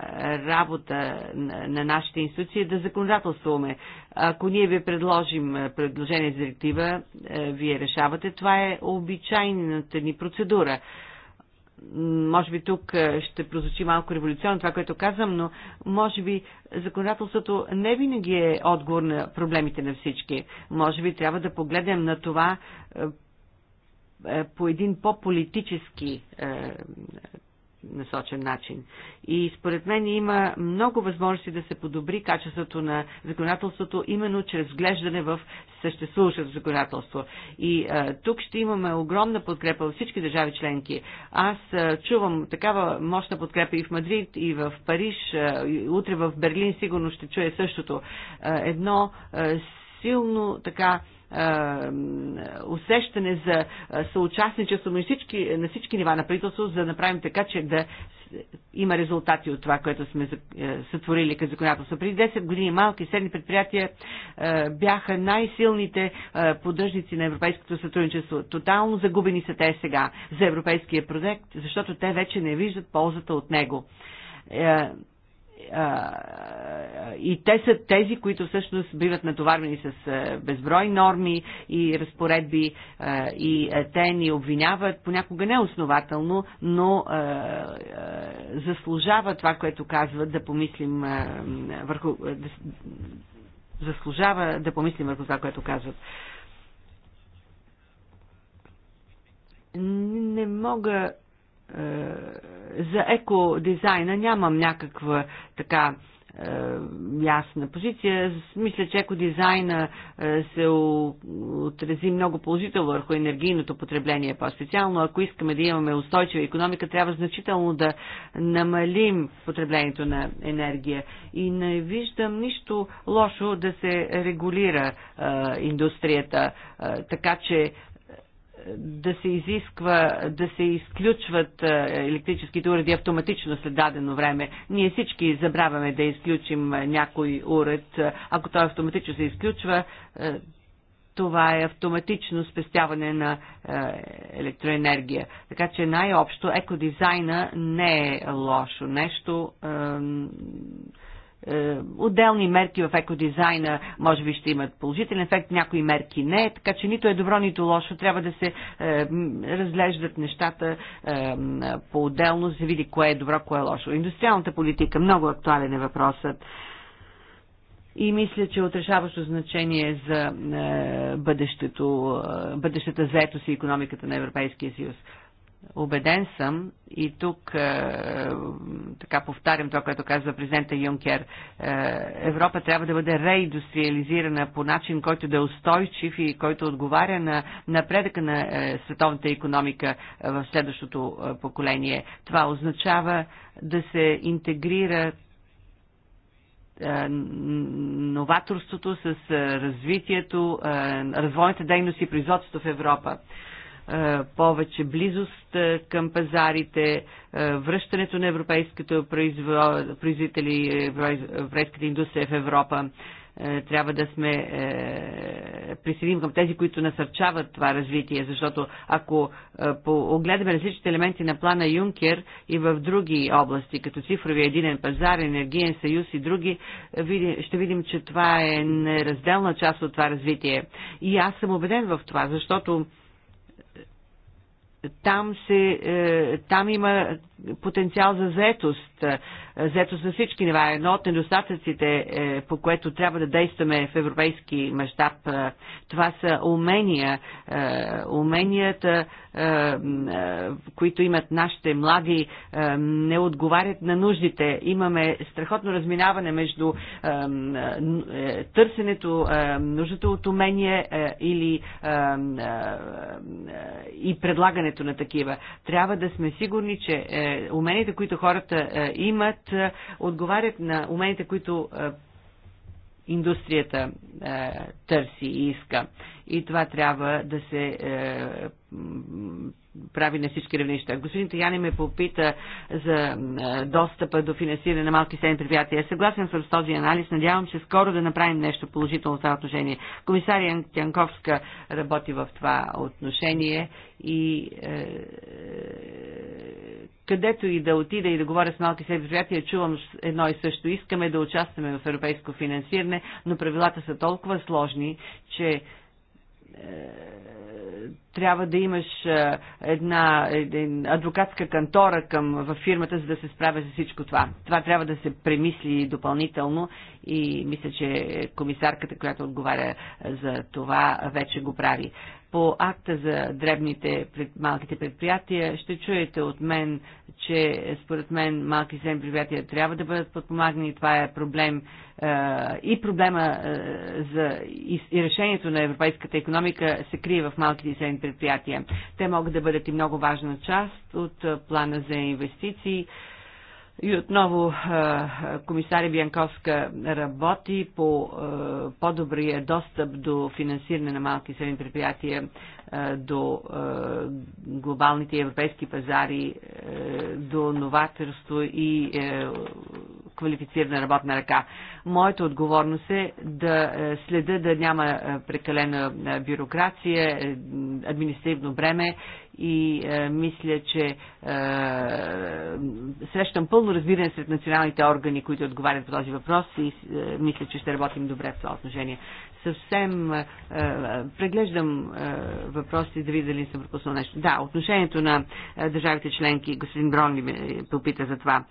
работа на, на нашите институции е да законодателствуваме. Ако ние ви предложим е, предложение за директива, е, вие решавате. Това е обичайната ни процедура може би тук е, ще прозвучи малко революционно това, което казвам, но може би законодателството не винаги е отговор на проблемите на всички. Може би трябва да погледнем на това е, е, по един по-политически е, насочен начин. И според мен има много възможности да се подобри качеството на законодателството, именно чрез вглеждане в съществуващото законодателство. И е, тук ще имаме огромна подкрепа от всички държави членки. Аз е, чувам такава мощна подкрепа и в Мадрид, и в Париж, е, и утре в Берлин сигурно ще чуя същото. Е, едно е, силно така усещане за съучастничество на всички, на всички нива на правителство, за да направим така, че да има резултати от това, което сме сътворили като законодателство. Преди 10 години малки и средни предприятия бяха най-силните поддръжници на европейското сътрудничество. Тотално загубени са те сега за европейския проект, защото те вече не виждат ползата от него е, и те са тези, които всъщност биват натоварвани с безброй норми и разпоредби и те ни обвиняват понякога неоснователно, но заслужава това, което казват да помислим върху заслужава да помислим върху това, което казват. Не мога е, за екодизайна нямам някаква така е, ясна позиция. Мисля, че екодизайна е, се отрази много положително върху енергийното потребление. По-специално, ако искаме да имаме устойчива економика, трябва значително да намалим потреблението на енергия. И не виждам нищо лошо да се регулира индустрията, така че да се изисква да се изключват е, електрическите уреди автоматично след дадено време. Ние всички забравяме да изключим е, някой уред. Ако той автоматично се изключва, е, това е автоматично спестяване на електроенергия. Така че най-общо екодизайна не е лошо нещо. Е, отделни мерки в екодизайна може би ще имат положителен ефект, някои мерки не, така че нито е добро, нито лошо. Трябва да се е, разглеждат нещата е, по-отделно, за да види кое е добро, кое е лошо. Индустриалната политика, много актуален е въпросът и мисля, че отрешаващо значение за е, бъдещето, е, бъдещата заетост и економиката на Европейския съюз. Обеден съм и тук е, така повтарям това, което казва президента Юнкер. Е, Европа трябва да бъде реиндустриализирана по начин, който да е устойчив и който отговаря на напредъка на е, световната економика е, в следващото е, поколение. Това означава да се интегрира е, новаторството с е, развитието, развойните дейности и производството в Европа. Е, повече близост е, към пазарите, е, връщането на европейските производители, европейската индустрия в Европа. Трябва да сме присъединим към тези, които насърчават това развитие, защото ако огледаме различните елементи на плана Юнкер и в други области, като цифрови единен пазар, енергиен съюз и други, ще видим, че това е неразделна част от това развитие. И аз съм убеден в това, защото там, се, е, там има потенциал за заетост, е, заетост на всички нива. Е едно от недостатъците, е, по което трябва да действаме в европейски мащаб, това са умения, уменията, които имат нашите млади, не отговарят на нуждите. Имаме страхотно разминаване между търсенето, нуждата от умения или и предлагането на такива. Трябва да сме сигурни, че уменията, които хората е, имат, е, отговарят на уменията, които е, индустрията търси и иска. И това трябва да се прави на всички равнища. Господин Таяни ме попита за достъпа до финансиране на малки седни предприятия. Съгласен съм с този анализ. Надявам се скоро да направим нещо положително в това отношение. Комисария Тянковска работи в това отношение и е, е, където и да отида и да говоря с малки седни предприятия, чувам едно и също. Искаме да участваме в европейско финансиране, но правилата са толкова сложни, че трябва да имаш една, една адвокатска кантора към, във фирмата, за да се справя за всичко това. Това трябва да се премисли допълнително и мисля, че комисарката, която отговаря за това, вече го прави. По акта за дребните малките предприятия ще чуете от мен, че според мен малки и средни предприятия трябва да бъдат подпомагани. Това е проблем и проблема за и, решението на европейската економика се крие в малките и средни предприятия. Те могат да бъдат и много важна част от плана за инвестиции и отново комисаря Бянковска работи по по-добрия достъп до финансиране на малки и средни предприятия, до глобалните европейски пазари, до новаторство и квалифицирана работна ръка. Моята отговорност е да е, следа да няма е, прекалена е, бюрокрация, административно бреме и е, мисля, че е, срещам пълно разбиране сред националните органи, които отговарят по този въпрос и е, мисля, че ще работим добре в това отношение съвсем а, е, е, преглеждам а, е, въпросите да видя дали съм пропуснал нещо. Да, отношението на а, държавите членки, господин Бронли ме попита за това.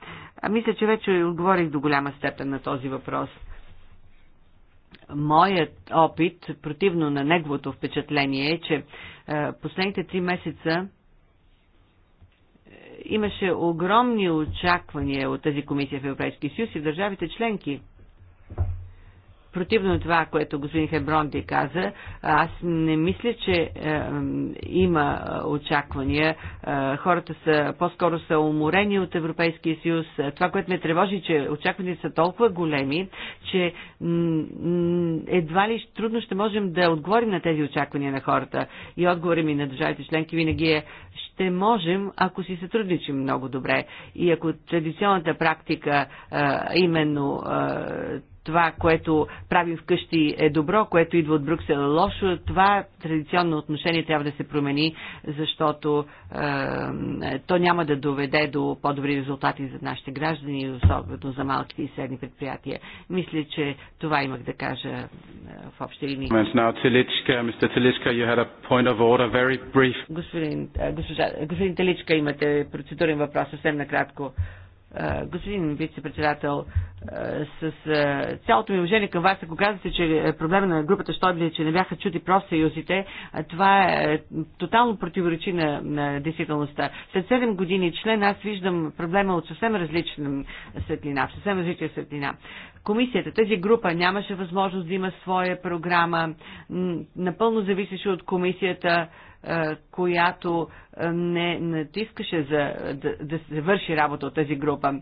А, мисля, че вече отговорих до голяма степен на този въпрос. Моят опит, противно на неговото впечатление, е, че а, последните три месеца имаше огромни очаквания от тази комисия в Европейския съюз и в държавите членки противно на това, което господин Хебронди каза, аз не мисля, че е, има очаквания. Е, хората са по-скоро са уморени от Европейския съюз. Е, това, което ме тревожи, че очакванията са толкова големи, че едва ли трудно ще можем да отговорим на тези очаквания на хората. И отговори ми на държавите членки винаги е ще можем, ако си сътрудничим много добре. И ако традиционната практика, а, е, именно е, това, което правим вкъщи е добро, което идва от Брюксел е лошо, това традиционно отношение трябва да се промени, защото е, е, то няма да доведе до по-добри резултати за нашите граждани, особено за малките и средни предприятия. Мисля, че това имах да кажа е, в общи линии. Господин, е, госпожа, господин Теличка, имате процедурен въпрос съвсем накратко. Господин вице-председател, с цялото ми уважение към вас, ако казвате, че е, проблема на групата Штойбле, че не бяха чути профсъюзите, това е, е тотално противоречи на, на действителността. След 7 години член аз виждам проблема от съвсем различна светлина, в съвсем различна светлина. Комисията, тази група нямаше възможност да има своя програма, напълно зависеше от комисията, която не натискаше за, да, да се върши работа от тази група.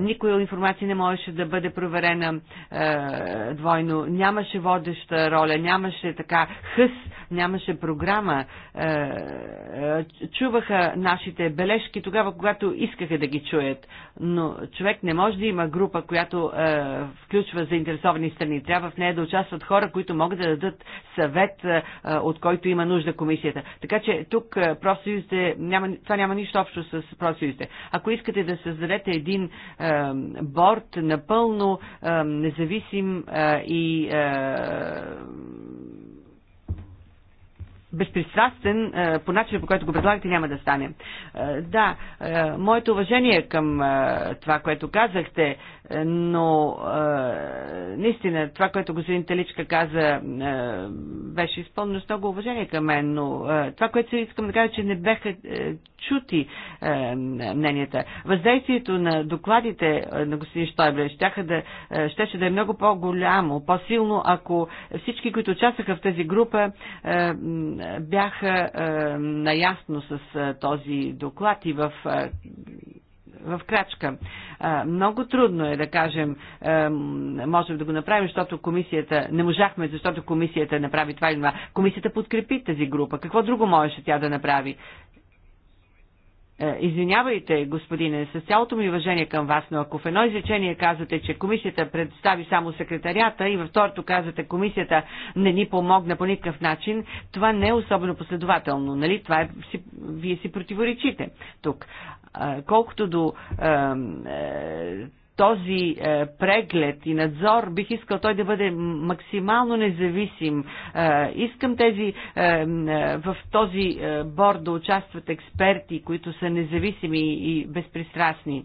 Никоя информация не можеше да бъде проверена е, двойно. Нямаше водеща роля, нямаше така хъс, нямаше програма. Е, е, чуваха нашите бележки тогава, когато искаха да ги чуят. Но човек не може да има група, която е, включва заинтересовани страни. Трябва в нея да участват хора, които могат да дадат съвет, е, от който има нужда комисията. Така че тук е, просто просъюзите, няма, това няма нищо общо с профсъюзите. Ако искате да създадете един е, борт напълно е, независим е, и е, безпристрастен е, по начина, по който го предлагате, няма да стане. Е, да, е, моето уважение към това, което казахте, но наистина това, което господин Таличка каза, беше изпълнено с много уважение към мен, но това, което се искам да кажа, че не беха чути мненията. Въздействието на докладите на господин Штойбле щеше да, щеше да е много по-голямо, по-силно, ако всички, които участваха в тази група, бяха е, наясно с е, този доклад и в е, в крачка. Много трудно е да кажем, можем да го направим, защото комисията, не можахме, защото комисията направи това и това. Комисията подкрепи тази група. Какво друго можеше тя да направи? Е, извинявайте, господине, с цялото ми уважение към вас, но ако в едно изречение казвате, че комисията представи само секретарията и във второто казвате, комисията не ни помогна по никакъв начин, това не е особено последователно, нали? Това е, си, вие си противоречите тук. Е, колкото до е, е, този е, преглед и надзор бих искал той да бъде максимално независим. Е, искам тези е, в този борд да участват експерти, които са независими и безпристрастни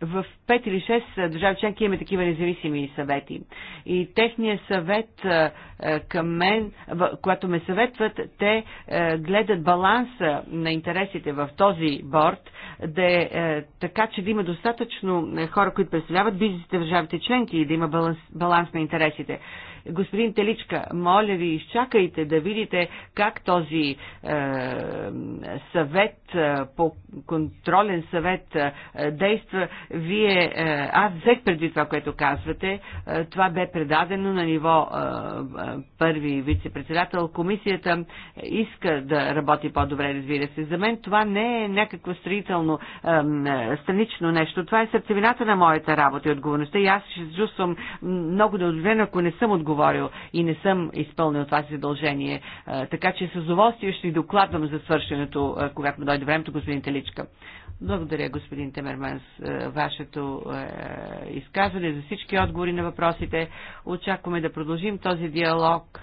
в 5 или 6 държави членки имаме такива независими съвети. И техният съвет към мен, когато ме съветват, те гледат баланса на интересите в този борт, да е така, че да има достатъчно хора, които представляват бизнесите в държавите членки и да има баланс, баланс на интересите. Господин Теличка, моля ви, изчакайте да видите как този е, съвет, е, по контролен съвет е, действа. Вие, е, аз взех преди това, което казвате. Е, това бе предадено на ниво е, е първи вице-председател. Комисията иска да работи по-добре, разбира се. За мен това не е някакво строително, е, странично нещо. Това е сърцевината на моята работа и отговорността и аз ще се чувствам много неудобен, ако не съм отговорен отговорил и не съм изпълнил това си задължение. Е, така че с удоволствие ще ви докладвам за свършенето, е, когато дойде времето, господин Теличка. Благодаря, господин Темерманс, е, вашето изказване за всички отговори на въпросите. Очакваме да продължим този диалог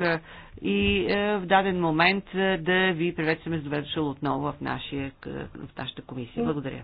и в даден момент да ви приветстваме с добре отново в, нашия, в нашата комисия. Благодаря.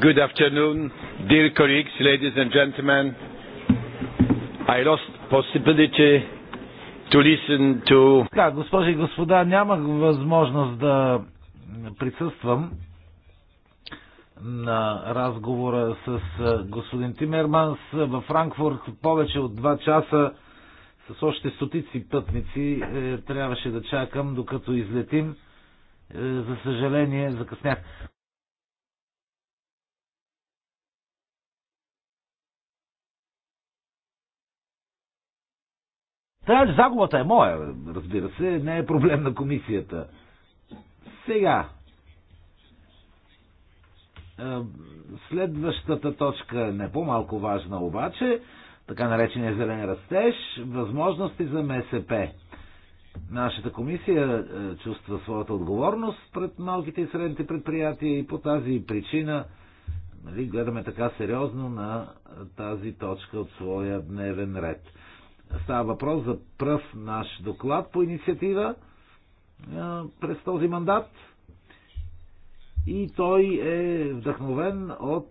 Good afternoon, dear colleagues, ladies and gentlemen. I lost possibility to listen to... Да, госпожи и господа, нямах възможност да присъствам на разговора с господин Тимерманс във Франкфурт повече от 2 часа с още стотици пътници е, трябваше да чакам докато излетим. Е, за съжаление, закъснях. Та загубата е моя, разбира се, не е проблем на комисията. Сега. Е, следващата точка, е не по-малко важна обаче, така наречения зелен растеж, възможности за МСП. Нашата комисия е, чувства своята отговорност пред малките и средните предприятия и по тази причина нали, гледаме така сериозно на тази точка от своя дневен ред. Става въпрос за пръв наш доклад по инициатива през този мандат. И той е вдъхновен от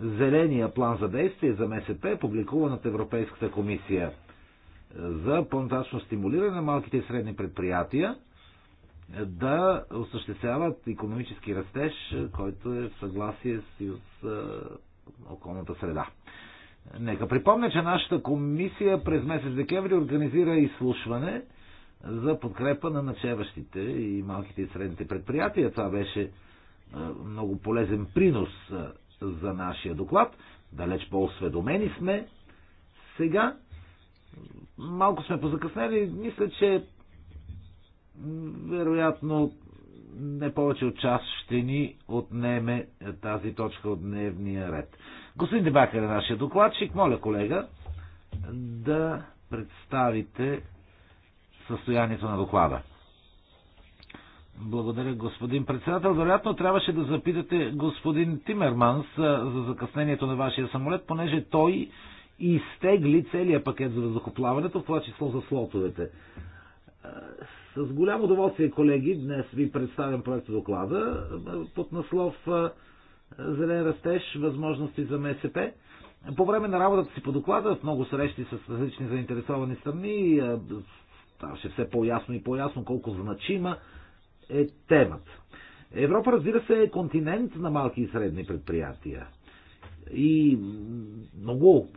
Зеления план за действие за МСП, публикуван от Европейската комисия за по-нататъчно стимулиране на малките и средни предприятия да осъществяват економически растеж, който е в съгласие с околната среда. Нека припомня, че нашата комисия през месец декември организира изслушване за подкрепа на начеващите и малките и средните предприятия. Това беше е, много полезен принос е, за нашия доклад. Далеч по-осведомени сме сега. Малко сме позакъснели. Мисля, че вероятно не повече от час ще ни отнеме е, тази точка от дневния ред. Господин Дебакър е нашия докладчик. Моля, колега, да представите състоянието на доклада. Благодаря, господин председател. Вероятно трябваше да запитате господин Тимерманс за закъснението на вашия самолет, понеже той изтегли целият пакет за въздухоплаването, в това число за слотовете. С голямо удоволствие, колеги, днес ви представям проекта доклада под наслов зелен растеж, възможности за МСП. По време на работата си по доклада, в много срещи с различни заинтересовани страни, е, ставаше все по-ясно и по-ясно колко значима е темата. Европа, разбира се, е континент на малки и средни предприятия. И много,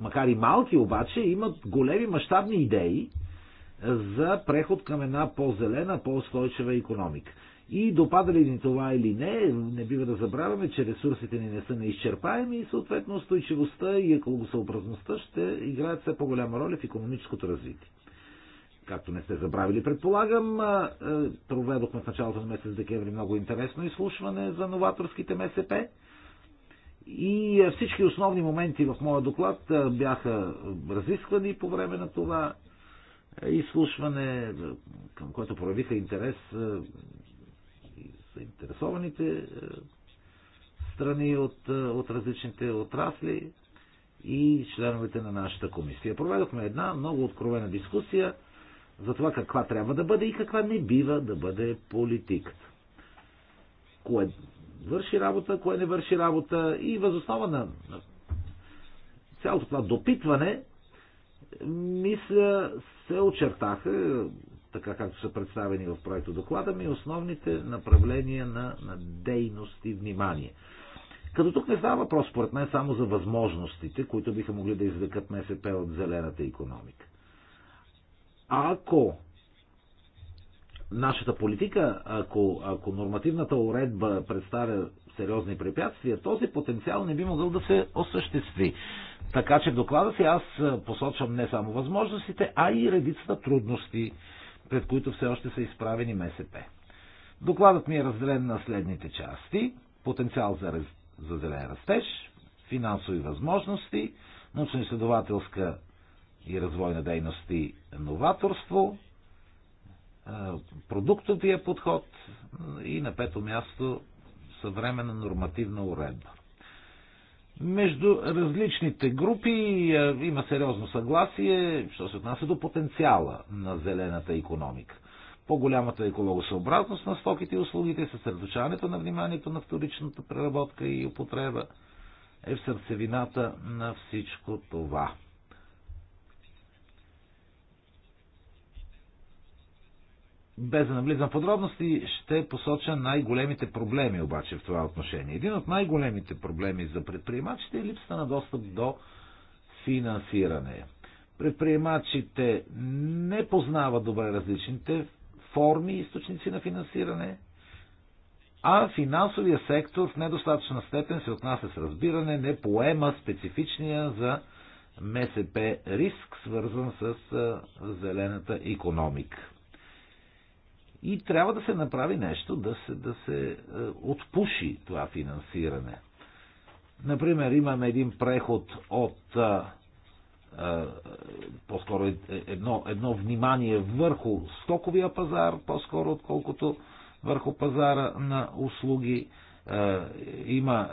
макар и малки обаче, имат големи мащабни идеи за преход към една по-зелена, по-устойчива економика. И допадали ни това или не, не бива да забравяме, че ресурсите ни не са неизчерпаеми и съответно устойчивостта и екологосъобразността ще играят все по-голяма роля в економическото развитие. Както не сте забравили, предполагам, проведохме в началото на месец декември много интересно изслушване за новаторските МСП. И всички основни моменти в моя доклад бяха разисквани по време на това изслушване, към което проявиха интерес заинтересованите е, страни от, е, от различните отрасли и членовете на нашата комисия. Проведохме една много откровена дискусия за това каква трябва да бъде и каква не бива да бъде политиката. Кое върши работа, кое не върши работа и възоснова на цялото това допитване мисля, се очертаха така както са представени в проекта доклада ми, основните направления на, на дейност и внимание. Като тук не става въпрос, според мен, само за възможностите, които биха могли да извлекат МСП от зелената економика. ако нашата политика, ако, ако нормативната уредба представя сериозни препятствия, този потенциал не би могъл да се осъществи. Така че в доклада си аз посочвам не само възможностите, а и редицата трудности, пред които все още са изправени МСП. Докладът ми е разделен на следните части. Потенциал за, раз... за зелен растеж, финансови възможности, научно-изследователска и развойна дейност и новаторство, продуктовия подход и на пето място съвременна нормативна уредба. Между различните групи е, има сериозно съгласие, що се отнася до потенциала на зелената економика. По-голямата екологосъобразност на стоките и услугите, съсредоточаването на вниманието на вторичната преработка и употреба е в сърцевината на всичко това. без да навлизам в подробности, ще посоча най-големите проблеми обаче в това отношение. Един от най-големите проблеми за предприемачите е липсата на достъп до финансиране. Предприемачите не познават добре различните форми и източници на финансиране, а финансовия сектор в недостатъчна степен се отнася с разбиране, не поема специфичния за МСП риск, свързан с зелената економика. И трябва да се направи нещо, да се, да се е, отпуши това финансиране. Например, имаме един преход от е, е, по-скоро едно, едно внимание върху стоковия пазар, по-скоро отколкото върху пазара на услуги. Има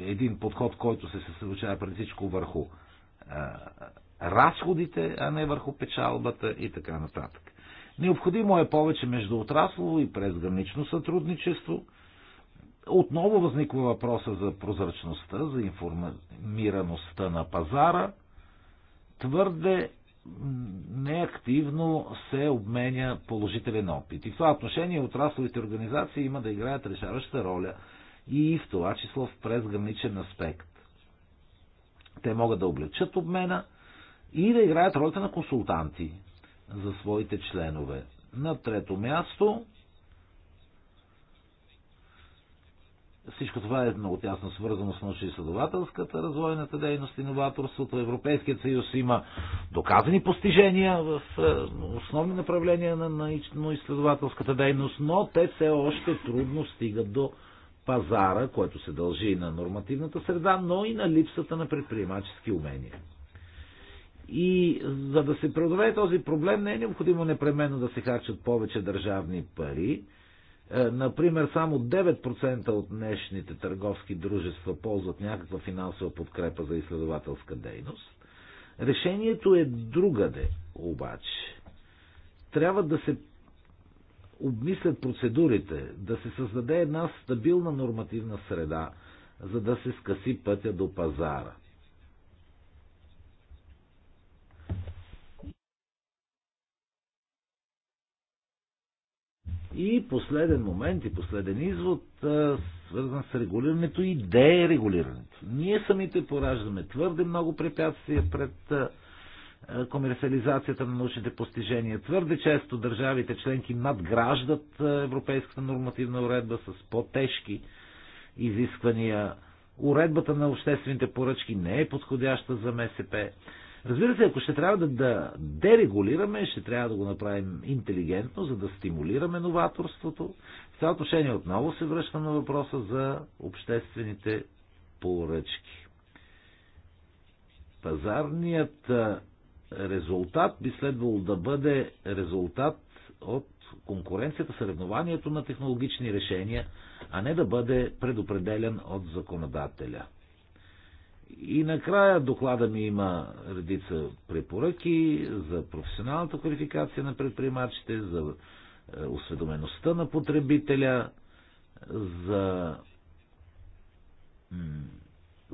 един подход, който се съсредоточава преди всичко върху разходите, а не върху печалбата и така нататък. Необходимо е повече междуотраслово и презгранично сътрудничество. Отново възниква въпроса за прозрачността, за информираността на пазара. Твърде неактивно се обменя положителен опит. И в това отношение отрасловите организации има да играят решаваща роля и в това число в презграничен аспект. Те могат да облегчат обмена и да играят ролята на консултанти за своите членове. На трето място Всичко това е много тясно свързано с научно-изследователската развойната дейност и новаторството. Европейският съюз има доказани постижения в е, основни направления на научно-изследователската дейност, но те все още трудно стигат до пазара, което се дължи и на нормативната среда, но и на липсата на предприемачески умения. И за да се преодолее този проблем, не е необходимо непременно да се харчат повече държавни пари. Е, например, само 9% от днешните търговски дружества ползват някаква финансова подкрепа за изследователска дейност. Решението е другаде, обаче. Трябва да се обмислят процедурите, да се създаде една стабилна нормативна среда, за да се скъси пътя до пазара – И последен момент и последен извод, свързан с регулирането и дерегулирането. Ние самите пораждаме твърде много препятствия пред комерциализацията на научните постижения. Твърде често държавите членки надграждат европейската нормативна уредба с по-тежки изисквания. Уредбата на обществените поръчки не е подходяща за МСП. Разбира се, ако ще трябва да, да дерегулираме, ще трябва да го направим интелигентно, за да стимулираме новаторството. В това отношение отново се връщам на въпроса за обществените поръчки. Пазарният резултат би следвало да бъде резултат от конкуренцията, съревнованието на технологични решения, а не да бъде предопределен от законодателя. И накрая доклада ми има редица препоръки за професионалната квалификация на предприемачите, за е, осведомеността на потребителя, за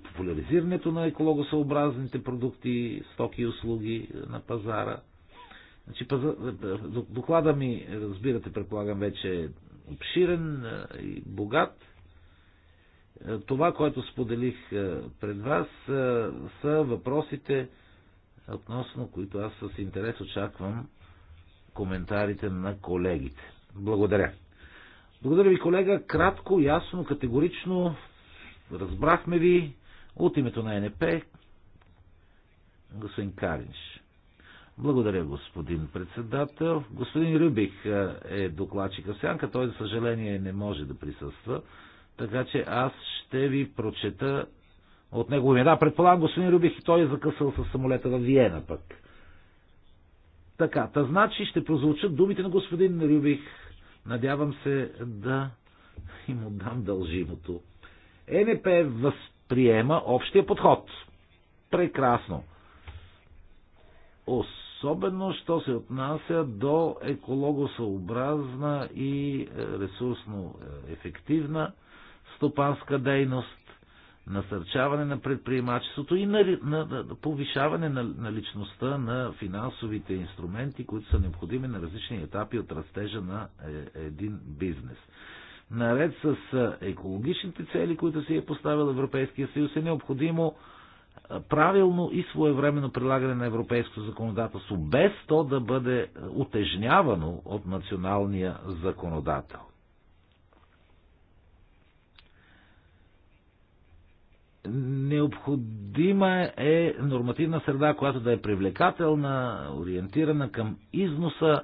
популяризирането на екологосъобразните продукти, стоки и услуги на пазара. Значи, е, е, доклада ми, разбирате, предполагам, вече е обширен и богат – това, което споделих е, пред вас, е, са въпросите, относно които аз с интерес очаквам коментарите на колегите. Благодаря. Благодаря ви, колега. Кратко, ясно, категорично разбрахме ви от името на НП господин Каринш. Благодаря, господин председател. Господин Рюбих е, е докладчик в сянка. Той, за съжаление, не може да присъства така че аз ще ви прочета от него име. Да, предполагам, господин Рубих и той е закъсал с самолета в Виена пък. Така, та значи ще прозвучат думите на господин Рюбих. Надявам се да им отдам дам дължимото. Е НП възприема общия подход. Прекрасно. Особено, що се отнася до екологосъобразна и ресурсно ефективна стопанска дейност, насърчаване на предприемачеството и на, на, на повишаване на, на личността на финансовите инструменти, които са необходими на различни етапи от растежа на е, един бизнес. Наред с е, екологичните цели, които си е поставил Европейския съюз, е необходимо е, правилно и своевременно прилагане на европейското законодателство, без то да бъде отежнявано е, от националния законодател. Необходима е нормативна среда, която да е привлекателна, ориентирана към износа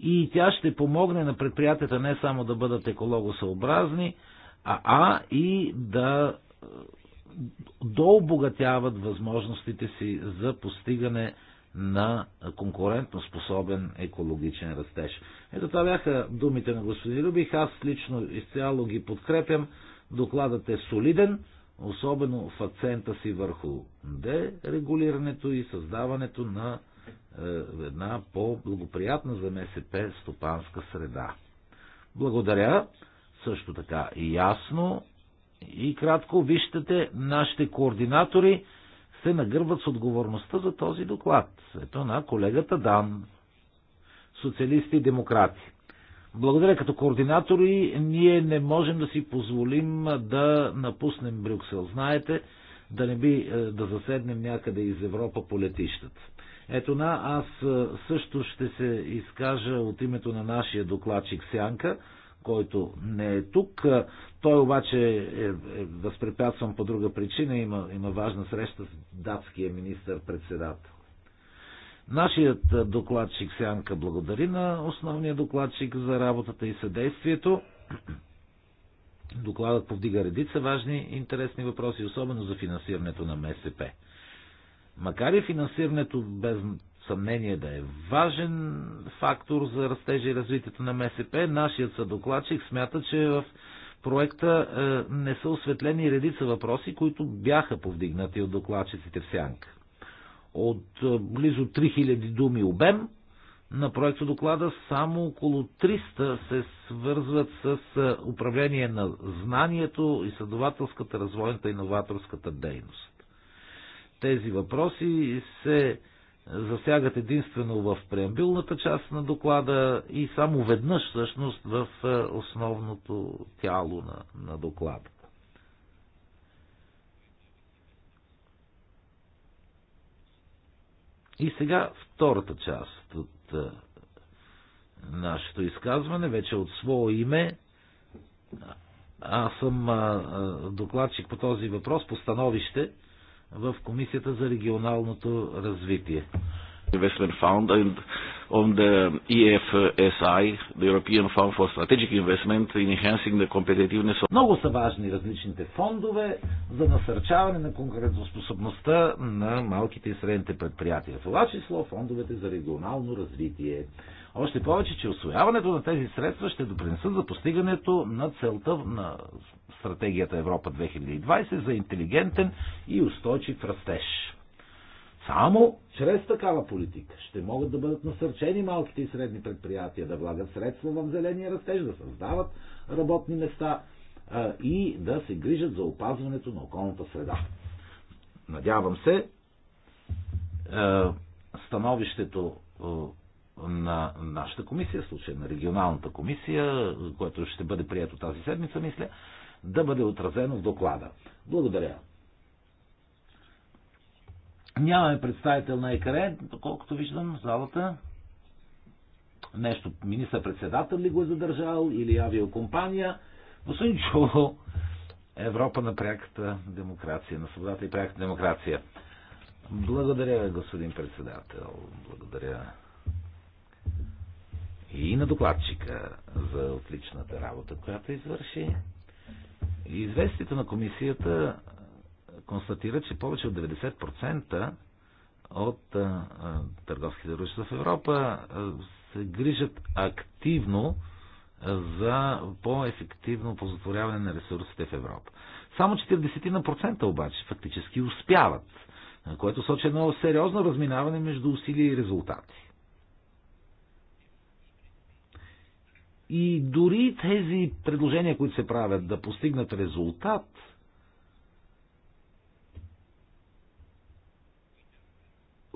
и тя ще помогне на предприятията не само да бъдат екологосъобразни, а, а и да е, дообогатяват възможностите си за постигане на конкурентно способен екологичен растеж. Ето това бяха думите на господин Любих. Аз лично изцяло ги подкрепям. Докладът е солиден особено в акцента си върху дерегулирането и създаването на е, една по-благоприятна за МСП стопанска среда. Благодаря също така и ясно и кратко. Виждате, нашите координатори се нагърват с отговорността за този доклад. Ето на колегата Дан. Социалисти и демократи. Благодаря като координатори, ние не можем да си позволим да напуснем Брюксел. Знаете, да не би е, да заседнем някъде из Европа по летищата. Ето на, аз е, също ще се изкажа от името на нашия докладчик Сянка, който не е тук. Е, той обаче е възпрепятстван по друга причина. Има, има важна среща с датския министър-председател. Нашият докладчик Сянка благодари на основния докладчик за работата и съдействието. Докладът повдига редица важни интересни въпроси, особено за финансирането на МСП. Макар и финансирането без съмнение да е важен фактор за растежа и развитието на МСП, нашият съдокладчик смята, че в проекта е, не са осветлени редица въпроси, които бяха повдигнати от докладчиците в Сянка. От е, близо 3000 думи обем на проекта доклада само около 300 се свързват с е, управление на знанието, и следователската развойната и новаторската дейност. Тези въпроси се е, засягат единствено в преамбилната част на доклада и само веднъж всъщност в основното тяло на, на доклада. И сега втората част от нашето изказване, вече от свое име. Аз съм докладчик по този въпрос, по становище в Комисията за регионалното развитие. Investment Fund and on the EFSI, the European Fund for Strategic Investment, enhancing the competitiveness of... Много са важни различните фондове за насърчаване на конкурентоспособността на малките и средните предприятия. В това число фондовете за регионално развитие. Още повече, че освояването на тези средства ще допринесат за постигането на целта на стратегията Европа 2020 за интелигентен и устойчив растеж. Само чрез такава политика ще могат да бъдат насърчени малките и средни предприятия да влагат средства в зеления растеж, да създават работни места и да се грижат за опазването на околната среда. Надявам се, становището на нашата комисия, в случай на регионалната комисия, което ще бъде прието тази седмица, мисля, да бъде отразено в доклада. Благодаря. Нямаме представител на ЕКР, доколкото виждам в залата. Нещо, министър-председател ли го е задържал или авиокомпания. Господин Чо, Европа на пряката демокрация, на свободата и пряката демокрация. Благодаря, господин председател. Благодаря и на докладчика за отличната работа, която извърши. Известието на комисията констатира, че повече от 90% от търговските дружества в Европа се грижат активно за по-ефективно позатворяване на ресурсите в Европа. Само 40% обаче фактически успяват, което сочи едно сериозно разминаване между усилия и резултати. И дори тези предложения, които се правят да постигнат резултат,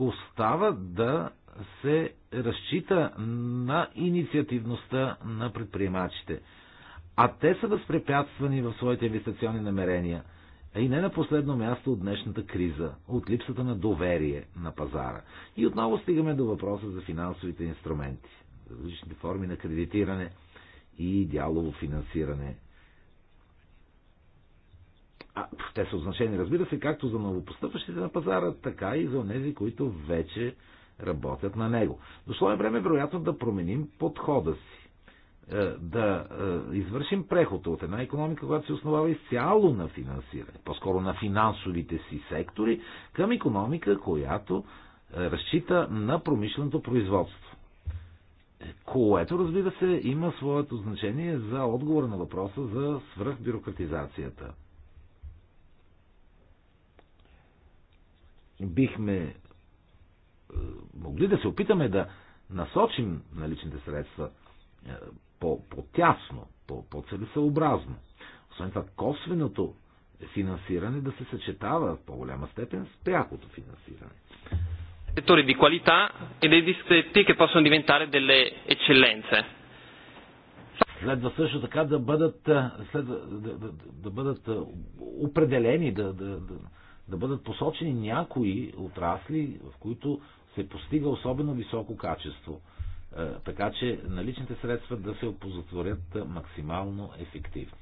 остава да се разчита на инициативността на предприемачите. А те са възпрепятствани в своите инвестиционни намерения. и не на последно място от днешната криза, от липсата на доверие на пазара. И отново стигаме до въпроса за финансовите инструменти, за различните форми на кредитиране и дялово финансиране а, те са означени, разбира се, както за новопостъпващите на пазара, така и за тези, които вече работят на него. Дошло е време, вероятно, да променим подхода си. Е, да е, извършим преход от една економика, която се основава изцяло на финансиране, по-скоро на финансовите си сектори, към економика, която е, разчита на промишленото производство. Което, разбира се, има своето значение за отговор на въпроса за свръхбюрократизацията. бихме е, могли да се опитаме да насочим наличните средства е, по-тясно, по по-целесъобразно. По Освен това, косвеното финансиране да се съчетава в по-голяма степен с прякото финансиране. Settori di qualità e dei distretti che possono diventare delle eccellenze. Следва също така да бъдат, е, следва, да, да, да бъдат определени, да, да, да, да бъдат посочени някои отрасли, в които се постига особено високо качество, е, така че наличните средства да се опозотворят максимално ефективно.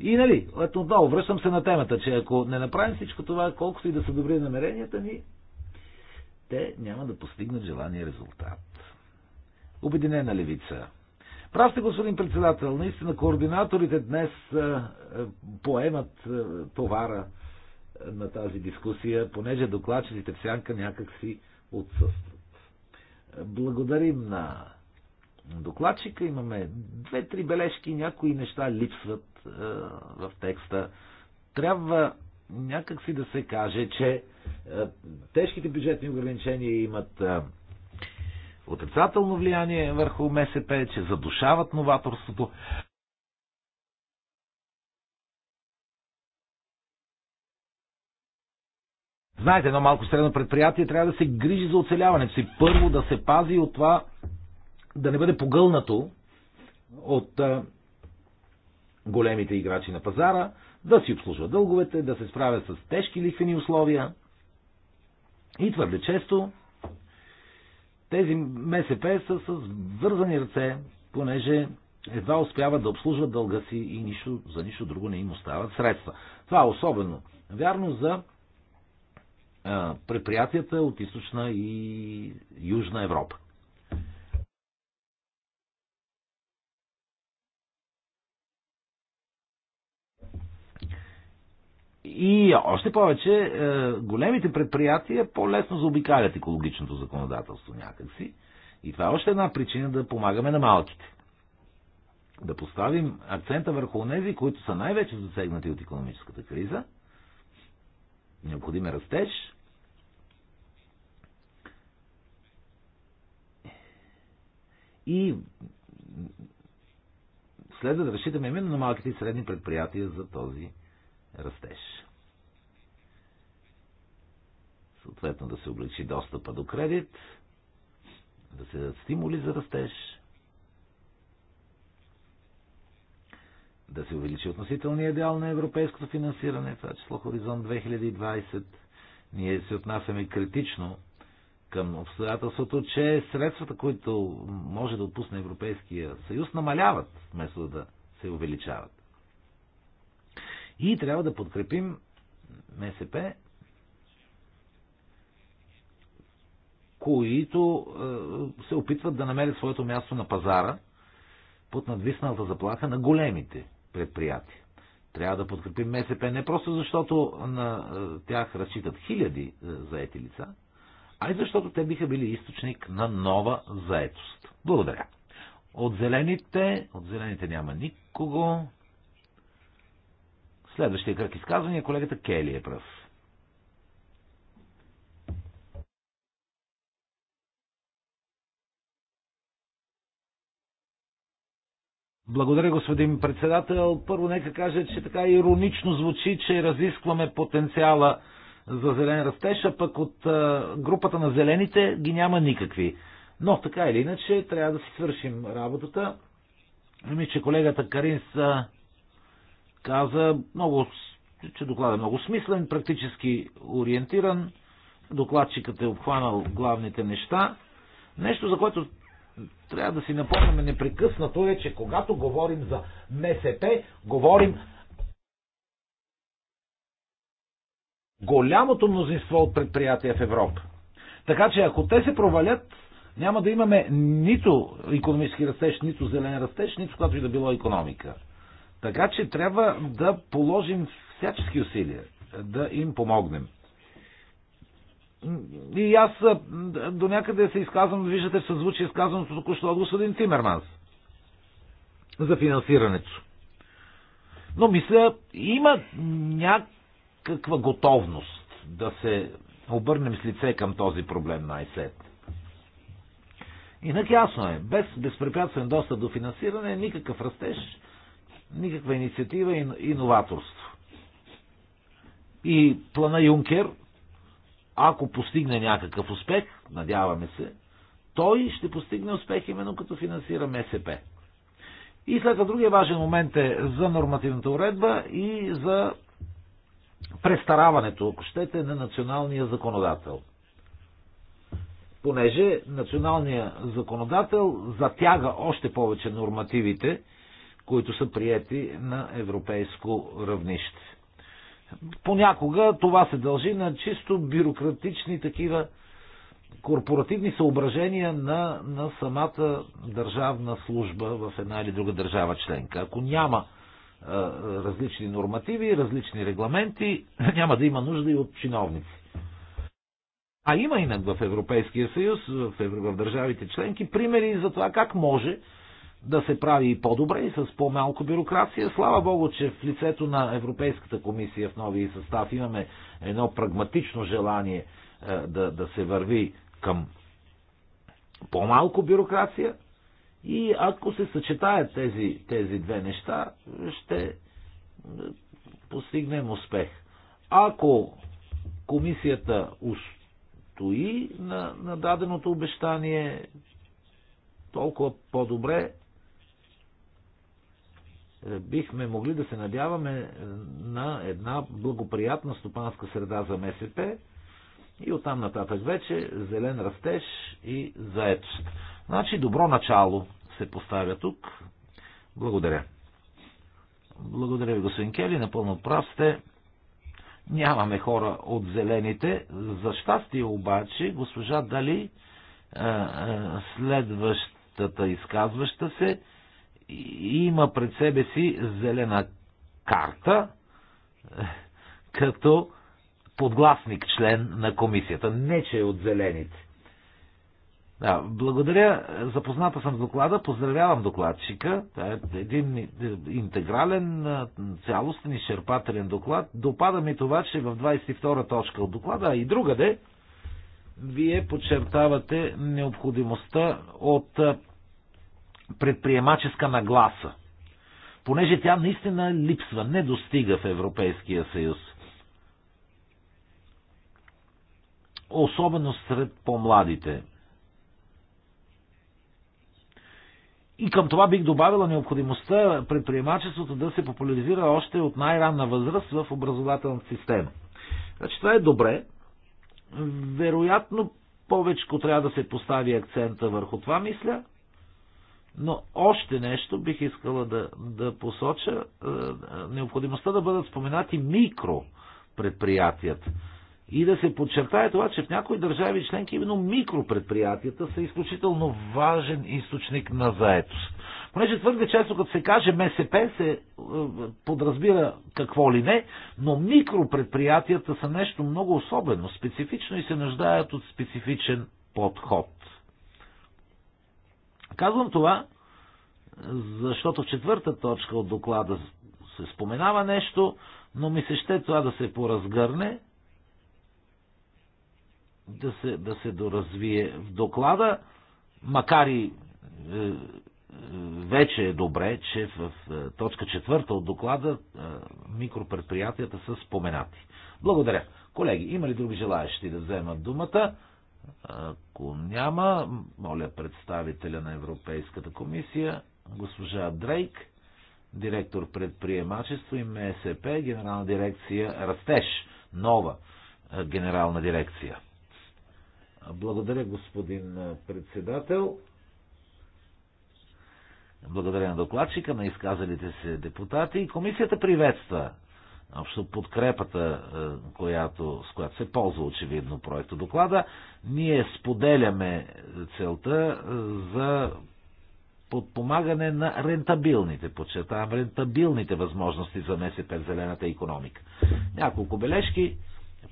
И нали, ето отново връщам се на темата, че ако не направим всичко това, колкото и да са добри намеренията ни, те няма да постигнат желания резултат. Обединена левица. Прав сте, господин председател, наистина координаторите днес поемат товара на тази дискусия, понеже докладчетите в сянка някакси отсъстват. Благодарим на докладчика. Имаме две-три бележки, някои неща липсват е, в текста. Трябва някакси да се каже, че е, тежките бюджетни ограничения имат е, отрицателно влияние върху МСП, че задушават новаторството. Знаете, едно малко средно предприятие трябва да се грижи за оцеляването си. Първо да се пази от това да не бъде погълнато от а, големите играчи на пазара, да си обслужва дълговете, да се справя с тежки лихвени условия. И твърде често тези МСП са с вързани ръце, понеже едва успяват да обслужват дълга си и нищо, за нищо друго не им остават средства. Това е особено вярно за предприятията от източна и южна Европа. И още повече, е, големите предприятия по-лесно заобикалят екологичното законодателство някакси. И това е още една причина да помагаме на малките. Да поставим акцента върху тези, които са най-вече засегнати от економическата криза. Необходим е растеж. И следва да разчитаме именно на малките и средни предприятия за този растеж. Съответно да се облегчи достъпа до кредит, да се дадат стимули за растеж, да се увеличи относителния дял на европейското финансиране, това число Хоризонт 2020. Ние се отнасяме критично към обстоятелството, че средствата, които може да отпусне Европейския съюз, намаляват, вместо да се увеличават. И трябва да подкрепим МСП, които е, се опитват да намерят своето място на пазара под надвисналата заплаха на големите предприятия. Трябва да подкрепим МСП не просто защото на е, тях разчитат хиляди е, заети лица, а и защото те биха били източник на нова заетост. Благодаря. От зелените, от зелените няма никого. Следващия кръг изказвания колегата Кели е прав. Благодаря, господин председател. Първо нека кажа, че така иронично звучи, че разискваме потенциала за зелен растеж, а пък от групата на зелените ги няма никакви. Но така или иначе трябва да си свършим работата. Мисля, че колегата Каринс каза, много, че докладът е много смислен, практически ориентиран, докладчикът е обхванал главните неща. Нещо, за което трябва да си напомняме непрекъснато е, че когато говорим за МСП, говорим голямото мнозинство от предприятия в Европа. Така че ако те се провалят, няма да имаме нито економически растеж, нито зелен растеж, нито когато и да било економика. Така че трябва да положим всячески усилия, да им помогнем. И аз до някъде се изказвам, виждате в съзвучие изказаното току-що от господин Цимерманс за финансирането. Но мисля, има някаква готовност да се обърнем с лице към този проблем най-сет. Инак ясно е, без безпрепятствен достъп до финансиране никакъв растеж никаква инициатива и, иноваторство. И плана Юнкер, ако постигне някакъв успех, надяваме се, той ще постигне успех именно като финансира МСП. И след това другия важен момент е за нормативната уредба и за престараването, ако щете, на националния законодател. Понеже националния законодател затяга още повече нормативите които са приети на европейско равнище. Понякога това се дължи на чисто бюрократични такива корпоративни съображения на, на самата държавна служба в една или друга държава членка. Ако няма е, различни нормативи, различни регламенти, няма да има нужда и от чиновници. А има инак в Европейския съюз, в, в държавите членки, примери за това как може да се прави и по-добре и с по-малко бюрокрация. Слава Богу, че в лицето на Европейската комисия в новия състав имаме едно прагматично желание е, да, да се върви към по-малко бюрокрация и ако се съчетаят тези, тези две неща, ще е, постигнем успех. Ако комисията устои на, на даденото обещание, толкова по-добре, е, бихме могли да се надяваме е, на една благоприятна стопанска среда за МСП и оттам нататък вече зелен растеж и заетост. Значи добро начало се поставя тук. Благодаря. Благодаря ви, господин Кели. Напълно прав сте. Нямаме хора от зелените. За щастие обаче, госпожа Дали, е, следващата изказваща се, има пред себе си зелена карта като подгласник член на комисията. Не, че е от зелените. Да, благодаря. Запозната съм с доклада. Поздравявам докладчика. Това е един интегрален, цялостен, изчерпателен доклад. Допада ми това, че в 22 точка от доклада, а и другаде, вие подчертавате необходимостта от предприемаческа нагласа. Понеже тя наистина липсва, не достига в Европейския съюз. Особено сред по-младите. И към това бих добавила необходимостта предприемачеството да се популяризира още от най-ранна възраст в образователната система. Значи това е добре. Вероятно повече трябва да се постави акцента върху това, мисля. Но още нещо бих искала да, да посоча е, необходимостта да бъдат споменати микропредприятията. И да се подчертае това, че в някои държави членки именно микропредприятията са изключително важен източник на заетост. Понеже твърде често, като се каже МСП, се е, подразбира какво ли не, но микропредприятията са нещо много особено, специфично и се нуждаят от специфичен подход. Казвам това, защото в четвърта точка от доклада се споменава нещо, но ми се ще това да се поразгърне, да се, да се доразвие в доклада, макар и е, е, вече е добре, че в е, точка четвърта от доклада микропредприятията са споменати. Благодаря. Колеги, има ли други желаящи да вземат думата? Ако няма, моля представителя на Европейската комисия, госпожа Дрейк, директор предприемачество и МСП, генерална дирекция Растеж, нова генерална дирекция. Благодаря, господин председател. Благодаря на докладчика, на изказалите се депутати. Комисията приветства общо подкрепата, е, която, с която се ползва очевидно проекта доклада, ние споделяме целта е, за подпомагане на рентабилните, подчертавам, рентабилните възможности за МСП в зелената економика. Няколко бележки.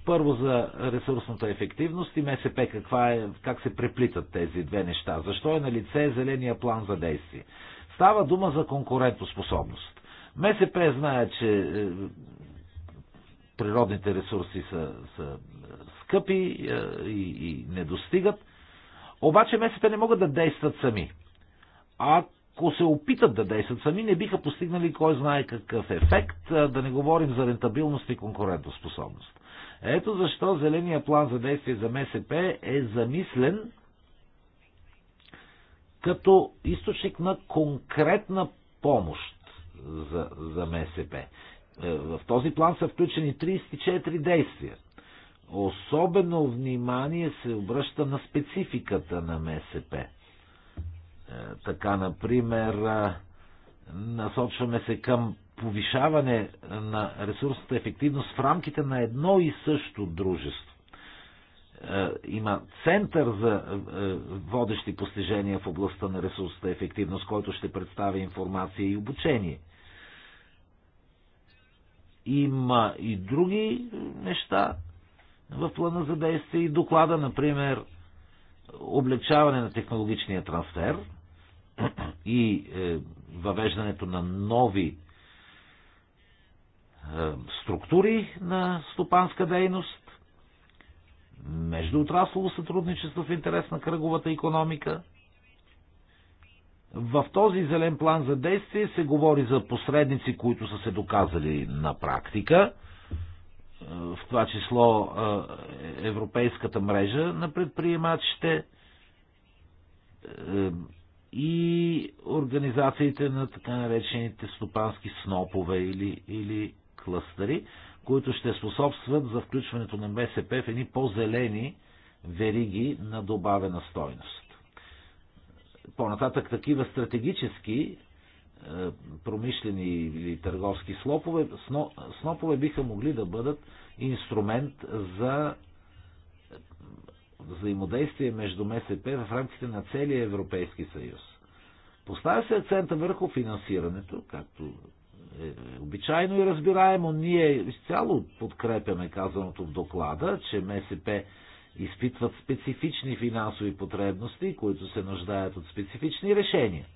Първо за ресурсната ефективност и МСП, каква е, как се преплитат тези две неща. Защо е на лице зеления план за действие? Става дума за конкурентоспособност. МСП знае, че е, природните ресурси са, са е, скъпи е, и, и не достигат. Обаче МСП не могат да действат сами. Ако се опитат да действат сами, не биха постигнали кой знае какъв ефект, е, да не говорим за рентабилност и конкурентоспособност. Ето защо зеления план за действие за МСП е замислен като източник на конкретна помощ за, за МСП. Е, в този план са включени 34 действия. Особено внимание се обръща на спецификата на МСП. Е, така, например, е, насочваме се към повишаване на ресурсната ефективност в рамките на едно и също дружество. Има център за водещи постижения в областта на ресурсната ефективност, който ще представя информация и обучение – има и други неща в плана за действие и доклада, например, облегчаване на технологичния трансфер и е, въвеждането на нови е, структури на стопанска дейност, междуотраслово сътрудничество в интерес на кръговата економика, в този зелен план за действие се говори за посредници, които са се доказали на практика, е, в това число е, Европейската мрежа на предприемачите е, и организациите на така наречените стопански снопове или, или клъстери, които ще способстват за включването на МСП в едни по-зелени вериги на добавена стойност по-нататък такива стратегически е, промишлени или търговски слопове, снопове биха могли да бъдат инструмент за е, взаимодействие между МСП в рамките на целия Европейски съюз. Поставя се акцента върху финансирането, както е обичайно и разбираемо. Ние изцяло подкрепяме казаното в доклада, че МСП изпитват специфични финансови потребности, които се нуждаят от специфични решения.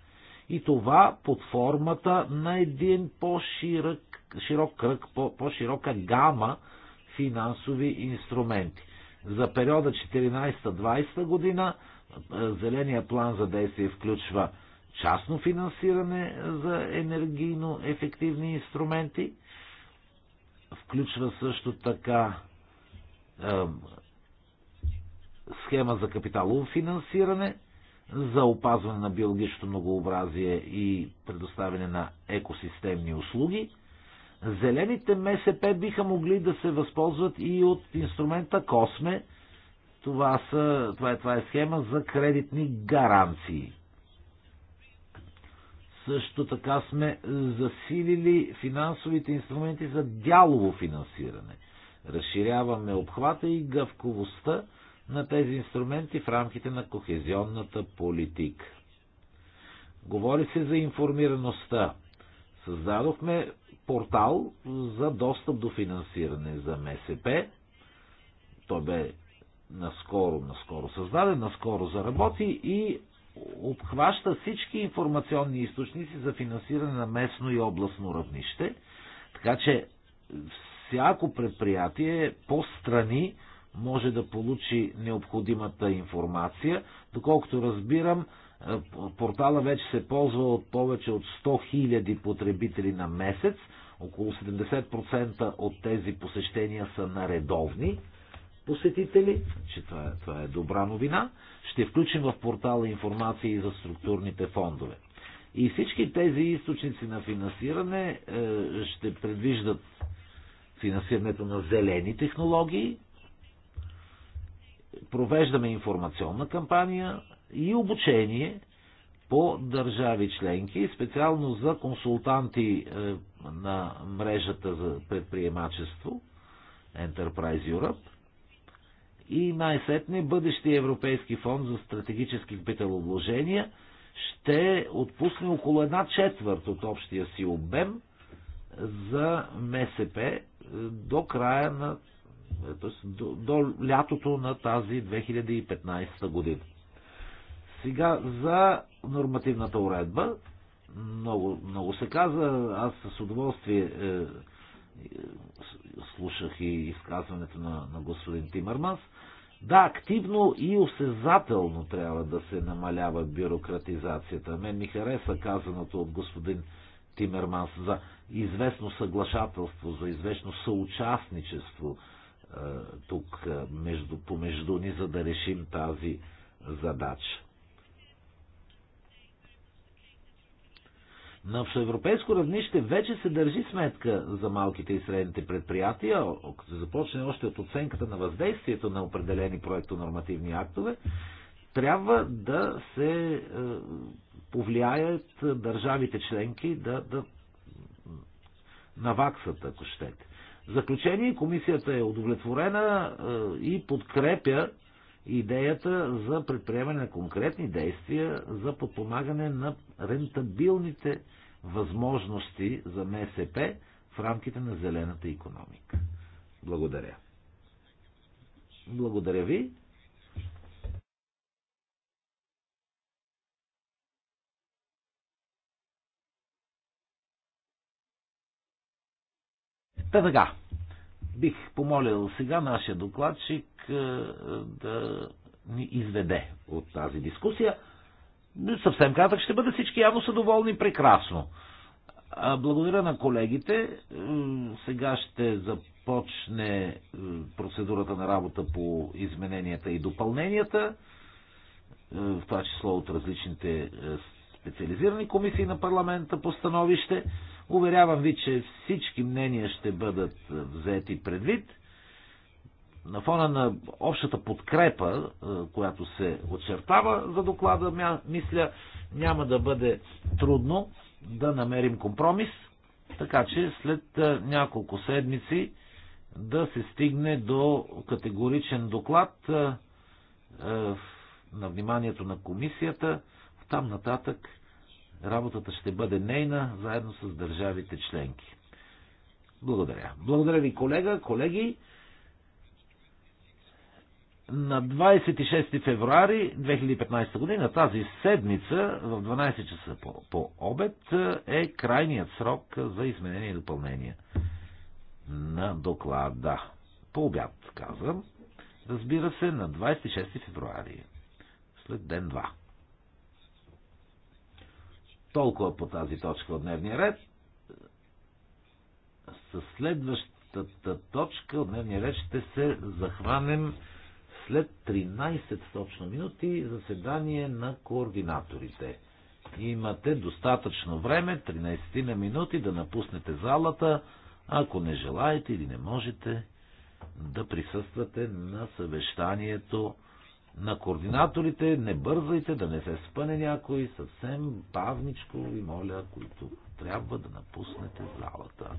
И това под формата на един по-широк широк кръг, по-широка -по гама финансови инструменти. За периода 14-20 година е, зеления план за действие включва частно финансиране за енергийно ефективни инструменти, включва също така е, схема за капиталово финансиране, за опазване на биологичното многообразие и предоставяне на екосистемни услуги. Зелените МСП биха могли да се възползват и от инструмента Косме. Това, са, това, е, това е схема за кредитни гаранции. Също така сме засилили финансовите инструменти за дялово финансиране. Разширяваме обхвата и гъвковостта на тези инструменти в рамките на кохезионната политика. Говори се за информираността. Създадохме портал за достъп до финансиране за МСП. Той бе наскоро, наскоро създаден, наскоро заработи и обхваща всички информационни източници за финансиране на местно и областно равнище. Така че всяко предприятие по страни може да получи необходимата информация. Доколкото разбирам, е, портала вече се ползва от повече от 100 000 потребители на месец. Около 70% от тези посещения са на редовни посетители, че това е, това е добра новина. Ще включим в портала информации за структурните фондове. И всички тези източници на финансиране е, ще предвиждат финансирането на зелени технологии, провеждаме информационна кампания и обучение по държави членки, специално за консултанти е, на мрежата за предприемачество Enterprise Europe и най-сетне бъдещия Европейски фонд за стратегически капиталовложения ще отпусне около една четвърт от общия си обем за МСП е, до края на Тоест до, до лятото на тази 2015 година. Сега за нормативната уредба. Много, много се каза. Аз с удоволствие е, е, слушах и изказването на, на господин Тимърмас. Да, активно и осезателно трябва да се намалява бюрократизацията. Мен ми хареса казаното от господин Тимерманс за известно съглашателство, за известно съучастничество е, тук е, между, помежду ни, за да решим тази задача. На всеевропейско равнище вече се държи сметка за малките и средните предприятия, ако се започне още от оценката на въздействието на определени проектонормативни актове, трябва да се е, повлияят държавите членки да, да наваксат, ако щете. В заключение, комисията е удовлетворена и подкрепя идеята за предприемане на конкретни действия за подпомагане на рентабилните възможности за МСП в рамките на зелената економика. Благодаря. Благодаря ви. Та така, бих помолил сега нашия докладчик е, да ни изведе от тази дискусия. Съвсем кратък ще бъде, всички явно са доволни прекрасно. Благодаря на колегите. Е, сега ще започне е, процедурата на работа по измененията и допълненията, в това число от различните специализирани комисии на парламента по становище. Уверявам ви, че всички мнения ще бъдат е, взети предвид. На фона на общата подкрепа, е, която се очертава за доклада, мисля, няма да бъде трудно да намерим компромис, така че след е, няколко седмици да се стигне до категоричен доклад на вниманието на комисията, там нататък Работата ще бъде нейна заедно с държавите членки. Благодаря. Благодаря ви, колега, колеги. На 26 февруари 2015 година, тази седмица, в 12 часа по, по обед, е крайният срок за изменение и допълнение на доклада. По обяд, казвам. Разбира се, на 26 февруари. След ден-два. Толкова по тази точка от дневния ред. с следващата точка от дневния ред ще се захванем след 13 точно минути заседание на координаторите. Имате достатъчно време, 13 на минути, да напуснете залата, ако не желаете или не можете да присъствате на съвещанието на координаторите, не бързайте, да не се спъне някой, съвсем бавничко ви моля, които трябва да напуснете залата.